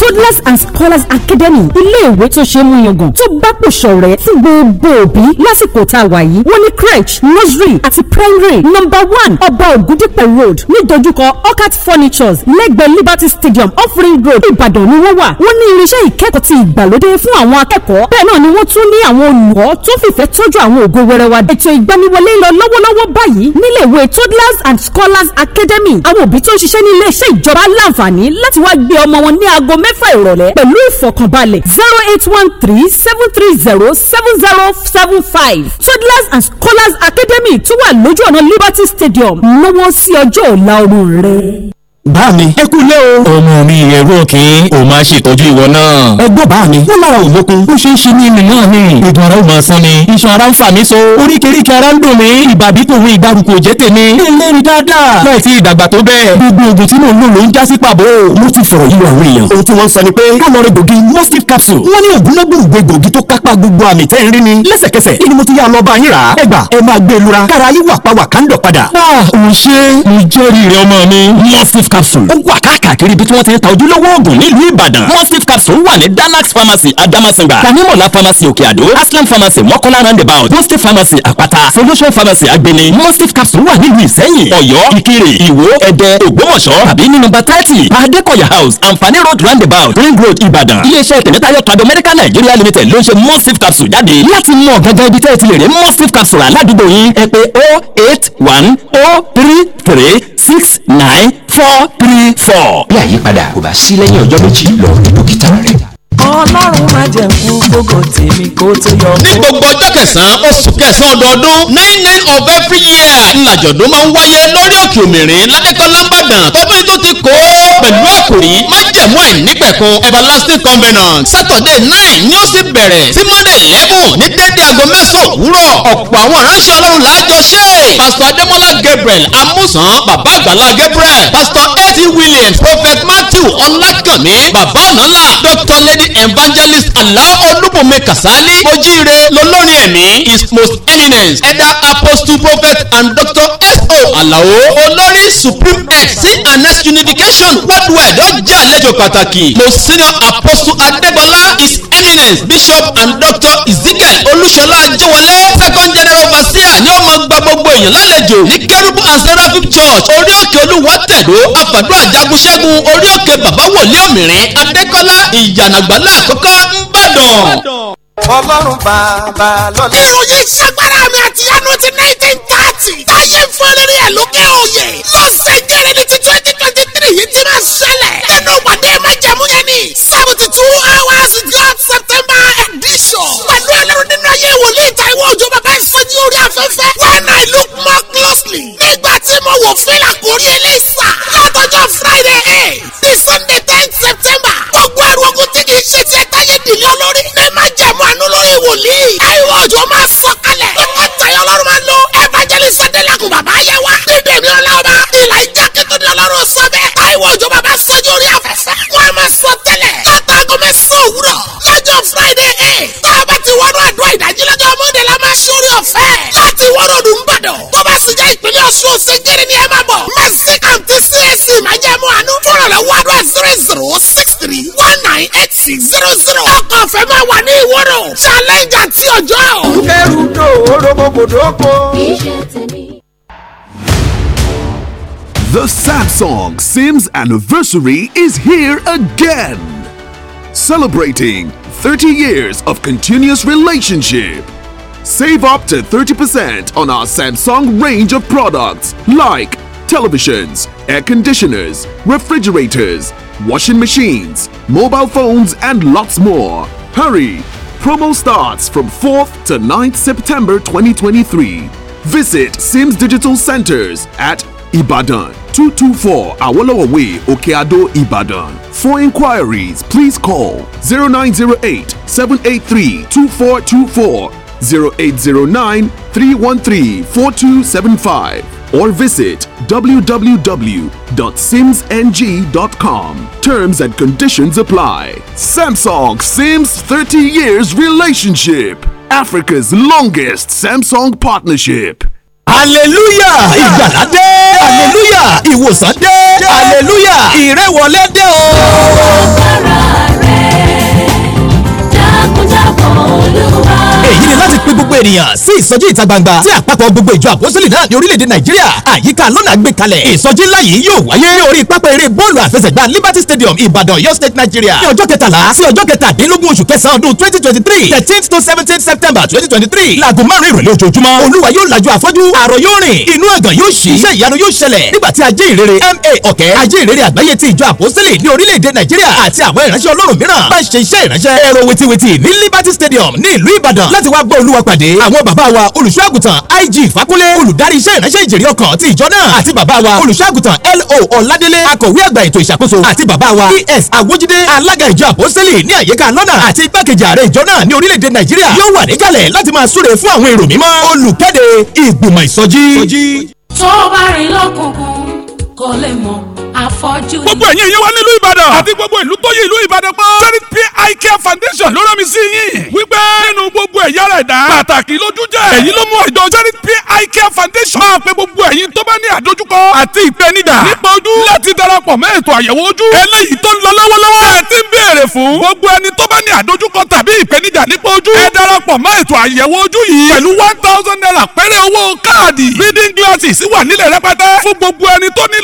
toddlers and scholars academy ilé ìwé tó ṣe é mú yangàn tó bá pò ṣọ̀rẹ́ fún gbogbo òbí lásìkò tá a wà yìí wọ́n ní crèche nursery àti primary number one ọba ògùdípẹ̀ road nídojúkọ orchard furnitures lẹ́gbẹ̀ẹ́ liberty stadium offering road ìbàdàn ni wọ́n wà wọ́n ní irinṣẹ́ ìkẹ́kọ̀ọ́ ti ìgbàlódé fún àwọn akẹ́kọ̀ọ́ bẹ́ẹ̀ náà ni wọ́n tún ní àwọn olùkọ́ tó fìfẹ́ tọ́jú àwọn ògo wẹrẹ wa. ètò ìgbaniwọlé ń lọ lọ́wọ́lọ́wọ́ báyìí nílé toddlers and scholars academy àwọn òbí tó ń ṣiṣẹ́ ní iléeṣẹ́ ìjọba láǹfààní láti wá gbé ọmọ wọn ní aago mẹ́fà ìrọ̀lẹ́ pẹ̀lú ìfọ̀kànbalẹ̀ zero eight one three seven three zero seven zero seven five toddlers and scholars academy tó wà lójú ọ̀nà liberty stadium lọ́wọ́ sí ọjọ́ ọ̀la ọmọ rẹ bá mi. ẹ kú o. ọmọ mi ẹrú òkè o máa ṣètọ́jú ìwọ náà. ẹ gbọ́ bá mi. wọ́n lára ò lókun. ó ṣe é ṣe ní ilé náà ni. ìgbọ̀n ara ò máa sán iṣan ara ń fà mí so. oríkèéríkè ara ń dùn mí. ìbàbí tòun ìgbàrúkú ò jẹ́ tèmi. eléyìí dáadáa. láì tí ìdàgbà tó bẹ́ẹ̀. gbogbo oògùn tí mò ń lò ló ń já sí pàbó. mo ti fọ̀rọ̀ yíyọ àwọn capsule. wọ́n ní ògúnlógùnrùgbé gbòógì tó kápá ni. lẹ́sẹ̀kẹsẹ̀ kí ni mo ti yá lọ bá yín rà á. E ah òun ṣe é. mo capsule ó wà káàkiri ibi tí wọ́n ti ń ta ojúlówó oògùn nílùú Ìbàdàn mustif capsule wà ní Danax pharmacy Adamasingba Tanimola pharmacy Òkè Àdó Aslam pharmacy Mọ́kọ́lá roundabout mustif pharmacy Àpáta solution pharmacy Agbeni mustif capsule wà nílùú Ìsẹ́yìn Ọ̀yọ́ Ìkirè Ìwó Ẹdẹ Ògbómọ̀ṣọ́ tàbí ní nọ́mbà thirty Adékọ̀yà house Àǹfààní road roundabout ring road Ìbàdàn iléeṣẹ́ tẹ̀mẹ́tayọ̀ tọ́dọ̀ Medical Nigeria limited ló ń capsule jáde láti mọ̀ gangan ibi tẹ́ ẹ ti lè rí mustif capsule aládùúgbò yín ẹ oh oh three six nine four three four. bí àyípadà kò bá sí lẹ́yìn ọjọ́ méjì lọ rí dókítà ọlọ́run má jẹ́ fún gbogbo tèmi kó tó yọ. ní gbogbo ọjọ́ kẹsàn-án oṣù kẹsàn-án ọdọọdún nine nine of every year ńlàjọ̀dún máa ń wáyé lórí òkè òmìnirin ládékọ́lá ńbàdàn tọdún yìí tó ti kó pẹ̀lú àkòrí májẹ̀mú àìnípẹ̀kun everlasting covenant saturday nine ni ó sì bẹ̀rẹ̀ sí monday eleven ní dédé aago mẹ́sàn-án òwúrọ̀ ọ̀pọ̀ àwọn ìránṣẹ́ ọlọ́run làájọ ṣe pásítọ̀ adémọ́lá gabriel amúsàn bàbá àgbàlá gabriel pásítọ̀ a.t williams prophet aliyu ọlákànmí bàbá àná ńlá dr lady evangelist aláwọ olúbùnmi kasali mojíire lọlọ́rin ẹ̀mí his most eminence elder apostle prophet and doctor s.o. alao olórí supreme ex cns unification worldwide ó jẹ́ àlejò pàtàkì most senior apostle adébọlá his eminence bishop and doctor ezekiel olúṣọlá ajẹ́wọlé second general overseer ni ó gba gbogbo èèyàn lálejò ní kérúbù and church orí òkè olúwa tẹ̀dó àfàdúrà jagunṣẹ́gun orí òkè bàbá wòlíì ọ̀mìnrin adékọ́lá ìyànàgbálá àkọ́kọ́ ńbàdàn. ọlọ́run bàbá lọ́lá. irun yìí ṣàgbára mi àti yanu ti nineteen thirty. táyé fún rere ẹ̀ lókè òye. lọ́sẹ̀ jẹ́rẹ́ ní ti twenty twenty three yìí ti máa ṣẹlẹ̀. nínú pàdé májàmú yẹn ni seventy two hours God September edition. pẹ̀lú ọlọ́run nínú ayé wòlíì Táíwò lórí afẹ́fẹ́. when I look more closely. nígbà tí mo wò fílà kórí eléyìísà. látọjọ́ Friday eight sí Sunday ten September. gbogbo ẹrù ogun tí kì í ṣe ti ẹ̀táyé dìlé olórí. ní máa jẹ̀mú àánú lórí wòlíì. ẹ̀rọ òjò máa sọ kalẹ̀. ọkọ̀ tayọ lọ́rùn máa lo evangelist adélakùn bàbá yẹ wa. dídè mi ọlọ́ba ìlà ìjà kẹtọ́ ni ọlọ́run sọ bẹ́ẹ̀. ẹ̀rọ òjò bàbá sọ́jú orí afẹ́fẹ́. wọ́n á máa sọ tẹ́lẹ̀. látàgọ́ mẹ́sàn-án òwúrọ̀ lọ́jọ́ Friday eight. tá a bá ti wọnú àdúrà ìdájí lọ́jọ́ Monday ọ̀fẹ́ láti wọ́rọ̀ tó bá sì jẹ́ ìpínlẹ̀ ọ̀ṣun ni ẹ máa bọ̀. àǹtí csc àánú fọ̀rọ̀lọ́wọ́ three one nine eight six zero zero. ọkọ̀ ọ̀fẹ́ máa wà ní ìwọ́rọ̀ challenge àti ọjọ́. kẹrù tó The Samsung Sims anniversary is here again. Celebrating 30 years of continuous relationship Save up to 30% on our Samsung range of products like televisions, air conditioners, refrigerators, washing machines, mobile phones, and lots more. Hurry! Promo starts from 4th to 9th September 2023. Visit Sims Digital Centers at Ibadan, 224 Awolowo Way, Okeado, Ibadan. For inquiries, please call 0908 783 2424 0809 313 4275 or visit www.simsng.com. Terms and conditions apply. Samsung Sims 30 years relationship. Africa's longest Samsung partnership. Hallelujah! Ìgbàlá dé! Hallelujah! Ìwòsàn dé! Aleluya! Ìrẹ́wọlé dé o! Ọ̀rọ̀ rẹ̀ jákújákọ̀ olúwa. èyí ni láti pe gbogbo ènìyàn sí ìsọjí ìta gbangba tí àpapọ̀ gbogbo ìjọ àpọ́sítélì náà ní orílẹ̀-èdè nàìjíríà àyíká lọ́nà gbé kalẹ̀ ìsọjí ńlá yìí yóò wáyé ní orí pápá eré bọ́ọ̀lù àfẹsẹ̀gbá liberty stadium ìbàdàn ọ̀yọ́ state nigeria ní ọjọ́ kẹtàlá sí ọjọ́ kẹtàdínlógún oṣù kẹsàn-án ọdún twenty twenty three thirteenth to seventeenth september twenty twenty three laago márùn-ún ìrọ̀lẹ́ ojoojúmọ́ olúwa yóò lajú àfọ́jú àrọ̀ yóò rìn inú ẹ̀gàn yóò ṣí iṣẹ́ ìyanu yóò ṣẹlẹ̀ nígbà tí ajé ìrere ma ọ̀kẹ́ ajé ìrere àgbáyé ti ìjọ àpọ́sítélì ní orílẹ̀-èdè nàìjíríà àti àwọn ìránṣẹ́ ọlọ́run mìíràn máa ń ṣe iṣẹ́ ìránṣẹ́ ẹ̀rọ wìtìwìtì ní liberty stadium ní ìlú ìbàdàn láti wá gbọ́ olúwa pàdé àwọn bàbá wa olùṣọ́ àgùntàn IG Fákúnlé olùdarí iṣẹ́ ìránṣẹ́ ìjèrè ọkàn ti ìjọ náà àti bàbá wa olùṣọ́ àgùntàn LO Ọládélé akọ̀wé àgbà ètò ìṣàkóso àti bàbá wa ES Awójídé alága ìjọ àpọ́sẹ́lì ní àyíká lọ́nà àti igbákejì ààrẹ ìjọ náà ní orílẹ̀-èdè Nàìjíríà yóò wà níkàlẹ̀ láti máa súre fún àwọn èrò mímọ́ olùkéde ìgbìmọ̀ kò lè mọ̀ gbogbo ẹ̀yin ẹ̀yẹ wa nílùú ìbàdàn àti gbogbo ìlú tó yí ìlú ìbàdàn pọ̀. charity pay eye care foundation ló rán mi sí yín. wípé nínú gbogbo ẹ̀yà rẹ̀ dá. pàtàkì lójú èyí ló mú àjọ charity pay eye care foundation. máa pe gbogbo ẹ̀yin tó bá ní àdójúkọ àti ìpèníjà. nípa ojú láti darapọ̀ mẹ́ ètò àyẹ̀wò ojú. eléyìí tó ń lọ lọ́wọ́lọ́wọ́. ẹ ti ń béèrè fún. gbogbo ẹni tó bá ní àdójúkọ tàbí ìpèníjà nípa ojú. ẹ darapọ̀ mẹ́ ètò àyẹ̀wò ojú yìí. pẹ̀lú one thousand naira péré owó káàdì. reading glasses wà nílẹ̀ rẹpẹtẹ. fún gbogbo ẹni tó ní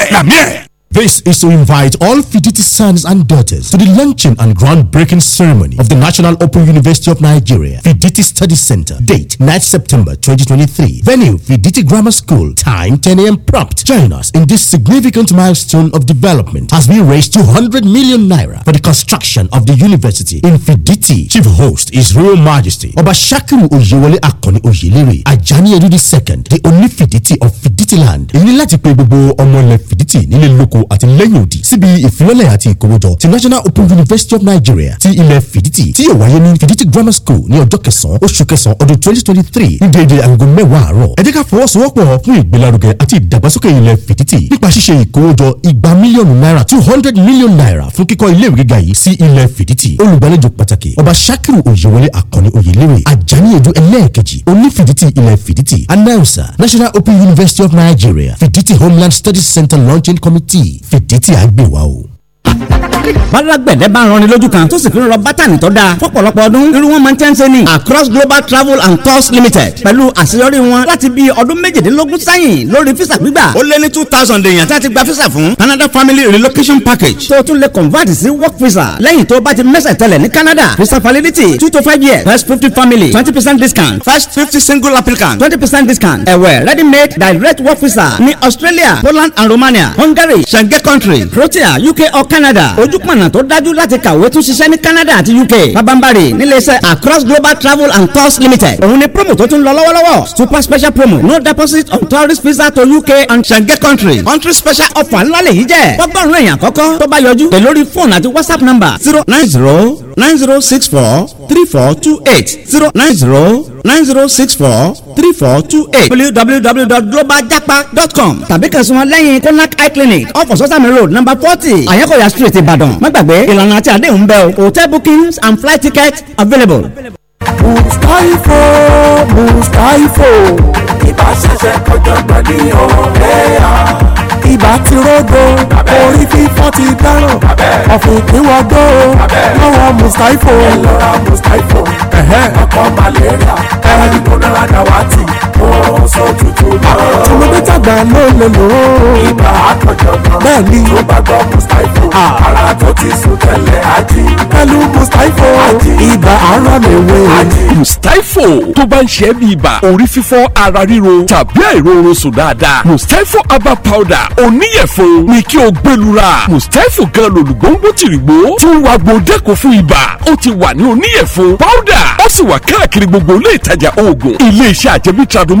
la mierda! This is to invite all Fiditi sons and daughters to the launching and groundbreaking ceremony of the National Open University of Nigeria, Fiditi Study Center. Date 9 September 2023. Venue Fiditi Grammar School. Time 10 a.m. prompt. Join us in this significant milestone of development as we raise 200 million naira for the construction of the university in Fiditi. Chief host is Royal Majesty Obashakiru Oyewole Akoni Ujiliri, Ajani Edu II, the only Fiditi of Fiditi land. Ìyẹn Fiditi nílé lóko tako àtìlẹ́yìn òdì síbi ìfilọ́lẹ̀ àti ìkówójọ ti National Open University of Nigeria ti ilẹ̀ Fìdítì tí yóò wáyé ní Fìdítì Grammar School ní ọjọ́ kẹsàn-án oṣù kẹsàn-án ọdún twenty twenty three ní déédéé aago mẹ́wàá àárọ̀ ẹ jẹ́ ká fọwọ́sowọ́pọ̀ fún ìgbélárugẹ àti ìdàgbàsókè ilẹ̀ Fìdítì nípa ṣíṣe ìkówójọ igba mílíọ̀nù náírà two hundred million naira fún kíkọ́ iléèwé gíga yìí sí ilẹ̀ Fìdítì olùgbàlejò pàtàkì ọba Sakiru Oyewole Akọni Oyelewe Ajani Edu ẹlẹ́ẹ̀kejì onífìdítì ilẹ̀ Fìdítì announcer National Open University of Nigeria Fìdítì Homeland Studies Center launching committee fìdí tí a gbé wa o balagbẹ̀dẹ̀ bá rán ni lójú kan tó sì fi rọ bátànì tó dáa fọ́pọ̀lọpọ̀ ọdún irú wọn máa ń tẹ́ǹsẹ̀ ni across global travel and cost limited pẹ̀lú àṣeyọrí wọn láti bí ọdún méjìdínlógún sẹ́yìn lórí físà gbígbà ó lé ní two thousand èèyàn tí a ti gba físà fún Canada family relocation package tó tún lè convert sí work visa lẹ́yìn tó bá ti mẹ́sẹ̀ tẹ̀lẹ̀ ní Canada visa validity two to five years first fifty family twenty percent discount first fifty single applicant twenty percent discount ẹ̀wẹ̀ ready made direct work visa ní Australia Poland and Romania Hungary Schengen country Croatia UK or Canada ojú ojú pọ̀nà tó dájú láti kàwé tún ṣiṣẹ́ ní Canada àti UK pabambari níléeṣẹ́ Across Global Travel and cost Limited òun ni promo tó tún lọ lọ́wọ́lọ́wọ́ super special promo no deposit on tourist visa to UK and Schengen country. country special offer ńlá lèyí jẹ́ fọ́gbọ́n èèyàn kọ́kọ́ tó bá yọjú pè lórí fóònù àti WhatsApp number zero nine zero nine zero six four three four two eight zero nine zero nine zero six four three four two eight www.globaljapa.com tàbí kàn sí wọn lẹ́yìn konak eye clinic off of sosami road number forty ya street Ìbàdàn ìbàdàn má gbàgbé ìlànà àti àdéhùn ń bẹ o hotel bookings and flight tickets available. mustaifo mustaifo ibà ṣẹ̀ṣẹ̀ kọjọgbọ́n ní ọ̀rẹ́ à ibà ti rógo orí fífọ́ ti dáràn ọ̀fìn ìwọ́gbó lọ́wọ́ mùsáífò. ẹ lọ ra mùsáífò ọkọ̀ malaria ẹ̀rọ ìgbónára dàwátì lọ sójú tó lọ. tọmọdé tàgbà ló lè lò ó. ibà àkànjọ̀gbọ́n bẹ́ẹ̀ ni tó bá gbọ́ mustapho. ara tó ti sùn tẹ́lẹ̀ ají. pẹ̀lú mustapho ibà ara lè wé. mustapho tó bá ń ṣe é bí ibà orí fífọ́ ara ríro tàbí àìróorun sùn dáadáa mustapho herbal powder oníyẹ̀fun ni kí o gbẹlura mustapho gan lòlùgbòǹgbò tìrìgbò tí ń wa gbòdẹ́kọ̀ fún ibà ó ti wà ní oníyẹ̀fun powder ó sì wà káàkiri gbogbo ilé ìtajà oògùn ilé iṣẹ́ àjẹmí tradom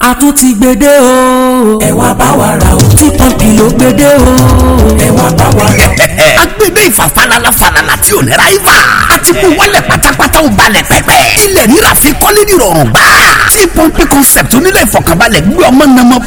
a tún ti gbede o. ẹ wá bá wa ra o. two pọ́ǹpì ló gbede o. ẹ wá bá wa ra o. agbede ìfàfanala fanala tí ò ní ráìvà. a ti kú wọlé pátápátá ó balẹ̀ pẹ́pẹ́. ilẹ̀ rírà fi kọ́lé nírọ̀rùn gbà. two pọ́ǹpì concept onílẹ̀ ìfọ̀kànbalẹ̀ gbé ọmọ nàmọ́